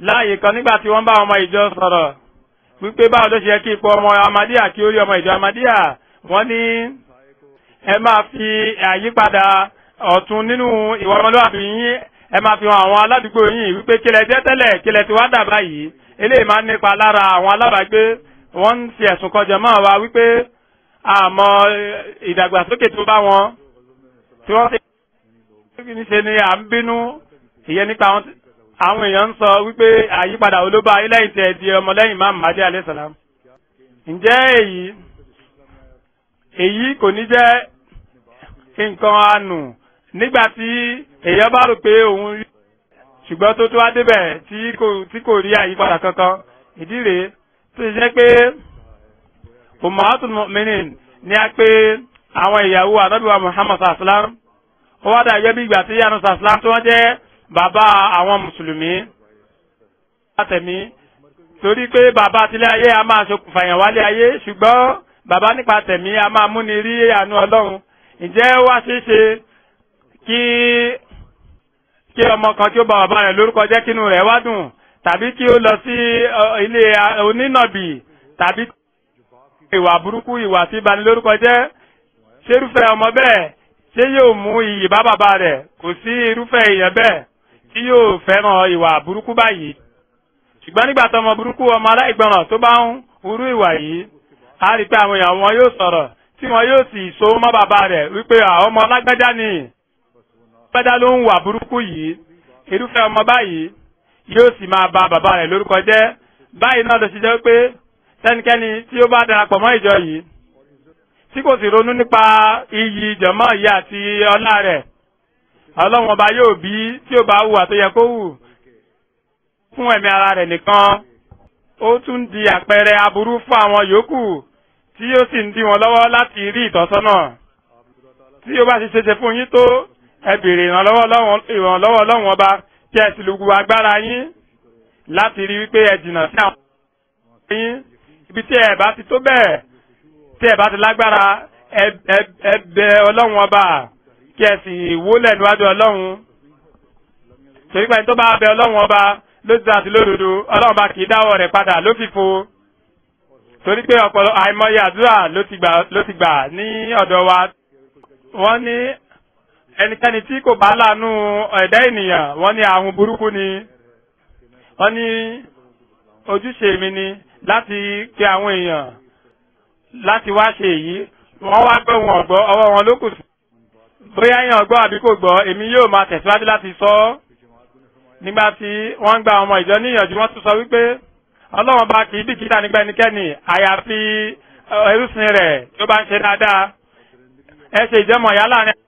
láàyè kan nígbà tí wọ́n bá ọmọ ìjọ sọ̀rọ̀ wípé báwo ló ṣe kí ipò ọmọ amadíà kí ó rí ọmọ ìjọ amadíà wọ́n ní ẹ máa fi àyípadà ọ̀tun nínú ìwà ọmọlúwàbí yín ẹ máa fi hàn àwọn aládùúgbò yìí wípé kílẹ̀ jẹ́ tẹ́lẹ̀ kílẹ̀ tí wá dà báyìí eléyìí máa ń nípa lára àwọn alábàágbé wọ́n ń fi ẹ̀sùn kọjọ mọ́ wa wípé àmọ́ eh, ìdàgbàsókè tó bá wọn tí wọ́n ṣe ní ṣe ni à ń bínú ìyẹn nípa àwọn èèyàn ń sọ wípé àyípadà olóba lẹ́yìn tẹ̀ di ọmọlẹ́yìn máa màdé alẹ́ sàlám ǹjẹ́ èyí èyí kò ní jẹ́ nǹkan àánú nígbà tí èèyàn bá rò pé òun rí ṣùgbọ́n tó tó wá débẹ̀ tí kò tí kò rí àyípadà kankan ìdí rèé tó ṣe jẹ́ pé ummahatul mu'minin ni a pé àwọn ìyàwó ànábìwá muhammad sallam ó wá dà gẹ́gẹ́ bí ìgbà tí yanu sallam tó wọ́n jẹ́ bàbá àwọn mùsùlùmí látẹ̀mí torí pé bàbá tilé ayé a máa ṣokùnfà yàn wálé ayé ṣùgbọ́n bàbá nípa tẹ̀mí a máa múni rí àánú ọlọ́run ǹjẹ́ wá ṣeé kí kí ọmọ kan tí ó bá bàbá rẹ̀ lórúkọ jẹ́ kínú rẹ̀ wá dùn tàbí kí ó lọ sí ilé onínàbì tàbí ìwà burúkú ìwà tí ìbanilórúkọ jẹ́ ṣerúfẹ́ ọmọ bẹ́ẹ̀ ṣé yóò mú iyì bá bàbá rẹ̀ kò sí irúfẹ́ èèyàn bẹ́ẹ̀ tí yóò fẹ́ràn ìwà burúkú báyìí ṣùgbọ́n nígbà tó ọmọ burúkú ọmọ aláìgbọràn tó bá ń hurú ìwà yìí á rí pé àwọn èèyàn wọn yóò sọ̀rọ̀ tí wọn yóò sì so mọ́ bàbá rẹ̀ wípé ọmọ alágbájá ni pẹ́dá ló ń wà burúkú yìí irúfẹ́ ọmọ báyìí yóò sì máa ba bàbá rẹ̀ lórúkọ jẹ́ báyìí náà ló ṣe jẹ́ pé sẹ́nikẹ́ni tí ó bá darapọ̀ mọ́ ìjọ yìí tí kò sì ronú nípa iyì ìjọ̀mọ́ yìí àti ọlá rẹ̀ ọlọ́run ọba yóò bí tí ó bá hùwà tó yẹ kó hù fún ẹ̀mí ara rẹ̀ nìkan ó tún di àpẹẹrẹ aburú fún àwọn yòókù tí ó sì ń dí wọn lọ́wọ́ láti rí ìtọ́sọ́nà tí ó bá ti ṣeṣe fún yín tó ẹ béèrè ìrànlọ́wọ́ Ọlọ́run ọba tí ẹ sì lùgùn agbára yín láti rí wípé ẹ jìnnà sí àwọn ọmọ yín ibi tí ẹ bá ti tó bẹ́ẹ̀ tí ẹ bá ti lágbára ẹ bẹ Ọlọ́run ọba kí ẹ sì wólẹ̀ níwájú Ọlọ́run torí pé ẹni tó bá bẹ Ọlọ́run ọba lójú àti lódodo Ọlọ́run ọba kì í dáwọ́ rẹ̀ padà lófìfo torí pé ọ̀pọ̀lọpọ̀ àìmọye àdúrà ló ti gbà ní ọ̀dọ̀ wa wọ́n ní ẹnikẹ́ni tí kò bá láàánú ẹ̀dá ènìyàn wọ́n ní àwọn burúkú ni wọ́n ní ojúṣe mi ni láti pe àwọn èèyàn láti wá ṣe èyí wọ́n wá gbọ́ wọn ọ̀gbọ́ ọwọ́ wọn ló kù sí. bóyá èèyàn gbọ́ àbí kò gbọ́ èmi yóò máa tẹ̀síwájú láti sọ ọ́ nígbà tí wọ́n gba ọmọ ìjọ níyànjú wọ́n tún sọ wípé ọlọ́wọ́n bá kì í bìkítà nígbà ẹnikẹ́ni àyàfi ẹrúsìn rẹ̀ tó bá ń ṣe dáadáa ẹ ṣe ìjẹ́mọ̀ yálà rẹ̀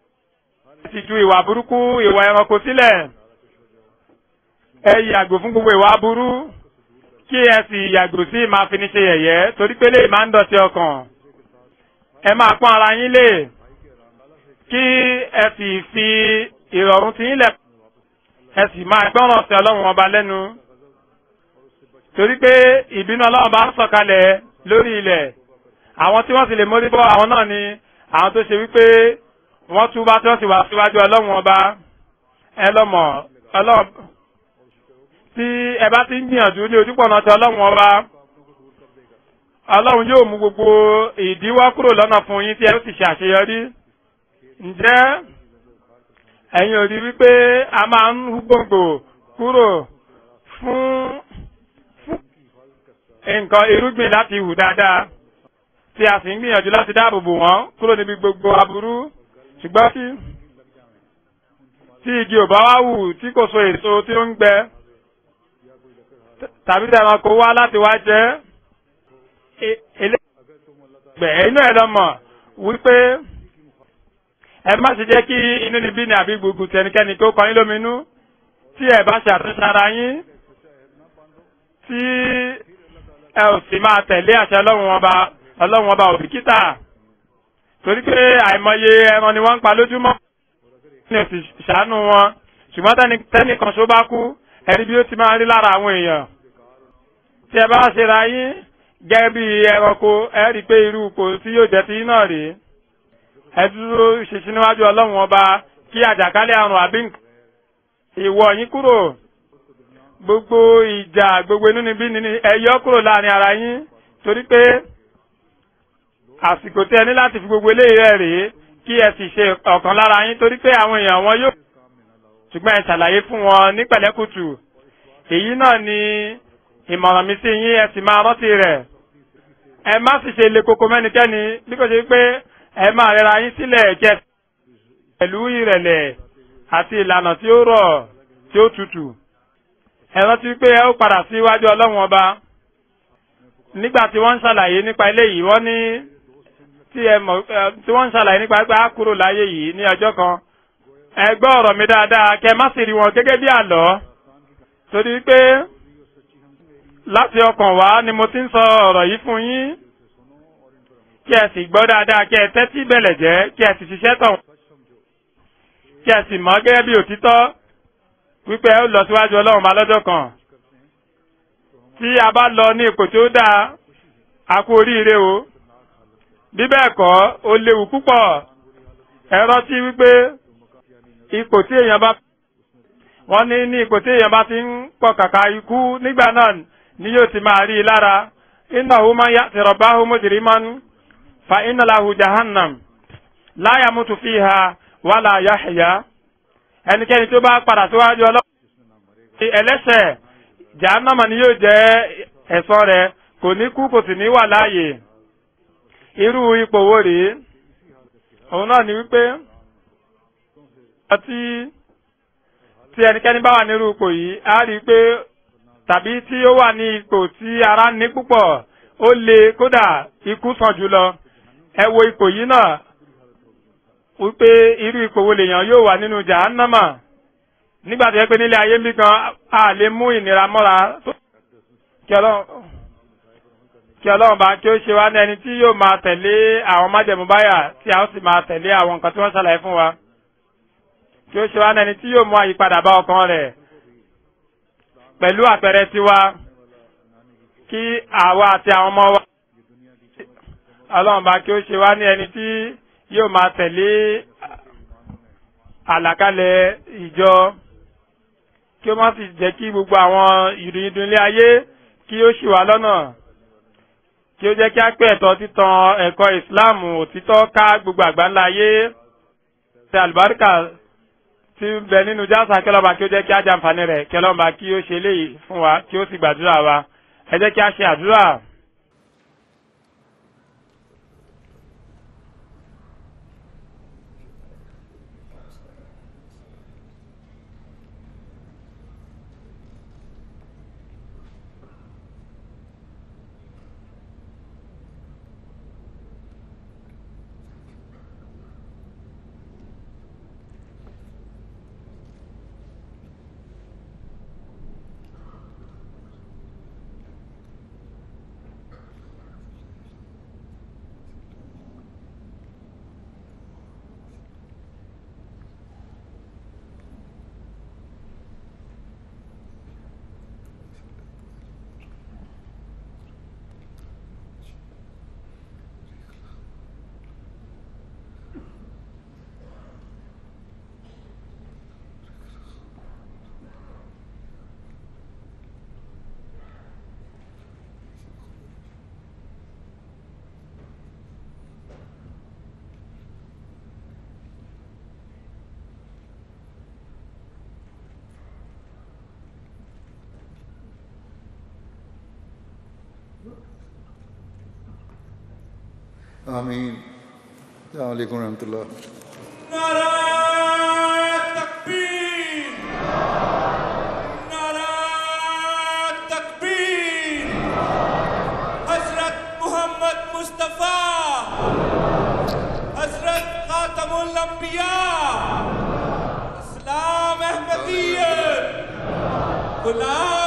ti ju ìwà burúkú ìwà ẹranko sílẹ̀ ẹ yàgò fún gbogbo ìwà burú kí ẹ sì yàgò sí máa fi ní ṣe yẹ̀yẹ́ torí pé lè máa ń dọ̀tí ọkàn ẹ máa pọ́n ara yín lè kí ẹ sì fi ìrọ̀rùn ti yín lẹ̀ ẹ sì máa gbọ́ràn sí ọlọ́run ọba lẹ́nu torí pé ìbínú ọlọ́run bá ń sọ̀kalẹ̀ lórí ilẹ̀ àwọn tí wọ́n sì lè mórí bọ́ àwọn náà ni àwọn tó ṣe wípé wọ́n túbá tí wọ́n sì wá síwájú ọlọ́run ọba ẹlọ́mọ ọlọ́run tí ẹ bá ti ń gbìyànjú ní ojúpọ̀nà tí ọlọ́run ọba ọlọ́run yóò mú gbogbo ìdíwọ́ kúrò lọ́nà fún yín tí ẹ ó sì ṣàṣeyọrí ǹjẹ́ ẹ̀yin ò rí wípé a máa ń gbòǹgbò kúrò fún nǹkan irúgbìn láti hù dáadáa tí a sì ń gbìyànjú láti dáàbò bò wọ́n kúrò níbi gbogbo aburú ṣùgbọ́n tí tí igi ò bá wá wù tí kò so èso tí ó ń gbẹ tàbí tí a máa kó wá láti wá jẹ e, eléyìí inú ẹ lọ mọ̀ wípé ẹ má ṣe jẹ́ kí inú níbí ni àbí gbùgbù tẹnikẹ́ni tó kọyín lóminú tí ẹ bá ṣe àtúnṣe ara yín tí ẹ ò sì máa tẹ̀lé àṣẹ ọlọ́run ọba ọlọ́run ọba òbíkítà torí pé àìmọye ẹran ni wọ́n ń pa lójúmọ́ ní òsì ṣàánú wọn ṣùgbọ́n tẹ́nì kan ṣó bá kú ẹ̀rí bí ó ti máa rí lára àwọn èèyàn tí ẹ bá ṣera yín gẹ́gẹ́ bí ẹranko ẹ rí i pé irú ipò tí yóò jẹ́ ti náà rèé ẹ dúró ṣèṣì níwájú ọlọ́run ọba kí àjàkálẹ̀ àrùn àbí ìwọ yín kúrò gbogbo ìjà gbogbo inú níbí ni ẹ yọ kúrò láàrin ara yín torí pé àsìkò tẹ ní láti fi gbogbo eléyìí rẹ̀ rèé kí ẹ sì ṣe ọ̀kan lára yín torí pé àwọn èèyàn wọn yóò ṣùgbọ́n ẹ ṣàlàyé fún wọn ní pẹ̀lẹ́kùtù èyí náà ni ìmọ̀ràn mi sí yín ẹ sì máa rántí rẹ̀ ẹ má sì ṣe le koko mẹ́nikẹ́ni bí kò ṣe pé ẹ máa rẹra yín sílẹ̀ jẹ́ pẹ̀lú ìrẹ̀lẹ̀ àti ìlànà tí ó rọ̀ tí ó tutù ẹ rántí pé ẹ ó padà síwájú ọlọ́run ọba nígbà tí wọ́n ń ṣàlàyé nípa eléyìí wọ́n ní tí ẹ mọ̀ tí wọ́n ń ṣàlàyé nípa pé a kúrò láyé yìí ní ọjọ́ kan ẹ gbọ́ ọ̀rọ̀ mi dáadáa kẹ má sì rí wọn gẹ́gẹ́ bí àlọ́ torí pé láti ọkàn wá ni mo ti ń sọ ọ̀rọ̀ yìí fún yín kí ẹ sì gbọ́ dáadáa kí ẹ tẹ́tí bẹ̀lẹ̀ jẹ́ kí ẹ sì ṣiṣẹ́ tọ̀ kí ẹ sì mọ̀ gẹ́gẹ́ bí òtítọ́ wípé ẹ ó lọ síwájú ọlọ́run bá lọ́jọ́ kan tí a bá lọ ní ipò tí ó dáa a kú oríire o bí ekoo ó léwu púpọ̀ ẹ rántí wípé ipò tí èèyàn bá wọ́n ní ní ipò tí èèyàn bá ti ń pọ̀ kàkà ikú nígbà náà ni yóò ti máa rí i lára innahu man ya'ti rabbahu fa inna lahu jahannam la yamutu fiha wala yahya ẹnikẹ́ni tó bá padà síwájú ọlọ́run ẹlẹ́ṣẹ̀ jahannama ni yóò jẹ́ ẹ̀sọ́ kò ní kú kò sì ní wà láàyè. irú ipò wo rèé òun náà ni wípé ọtí tí ẹnikẹ́ni bá wà nírú ipò yìí a rí i pé tàbí tí ó wà ní ipò tí ara ní púpọ̀ ó le kódà ikú sàn jùlọ ẹ wo ipò yìí náà wípé irú ipò wo lèèyàn yóò wà nínú a lè mú kí ọlọ́run bá kí ó ṣe wá ní ẹni tí yóò máa tẹ̀lé àwọn májẹ̀mú báyà tí a ó sì máa tẹ̀lé àwọn nǹkan tí wọ́n ṣàlàyé fún wa kí ó ṣe wá ní ẹni tí yóò mú àyípadà bá ọkàn rẹ̀ pẹ̀lú àpẹẹrẹ tiwa kí àwa àti àwọn ọmọ wa ọlọ́run bá kí ó ṣe wá ní ẹni tí yóò máa tẹ̀lé àlàkalẹ̀ ìjọ kí ó má sì jẹ́ kí gbogbo àwọn ìrìndùnlé ayé kí ó ṣì wá lọ́nà kí ó jẹ́ kí á pé ẹ̀tọ́ títan ẹ̀kọ́ ìsìláàmù òtítọ́ ká gbogbo àgbáńlá ayé ṣe àlùbáríkà tí ń bẹ nínú jáàsà kẹlọ́ba kí ó jẹ́ kí á jàǹfààní rẹ̀ kẹlọ́ba kí ó ṣe eléyìí fún wa kí ó sì gbàdúrà wa ẹ jẹ́ kí á ṣe àdúrà. آمين عليكم ورحمة الله نرى التكبير نرى حضرت محمد مصطفى حضرت خاتم الأنبياء إسلام أحمدية غلام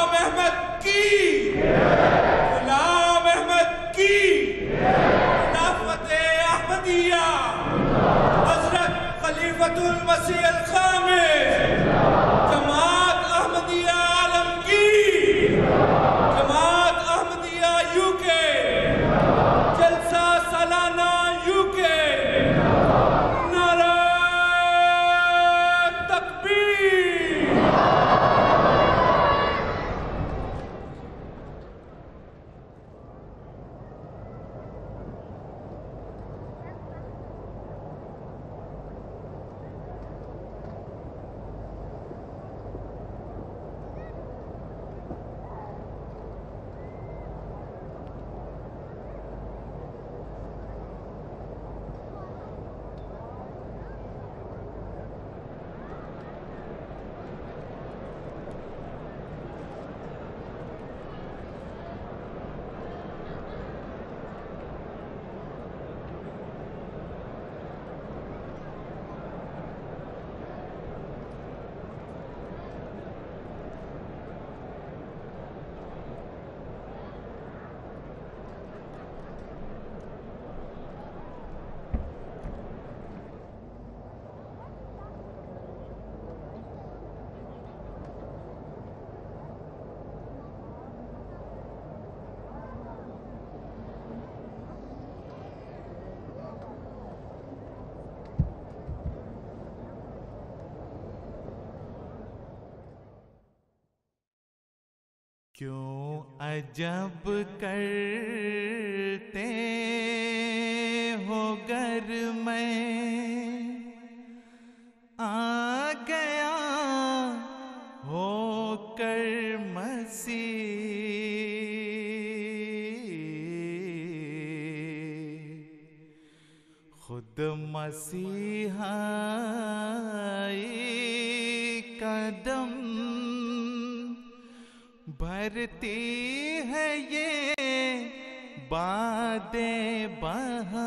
அரசியல் क्यों अजब करते दे बहा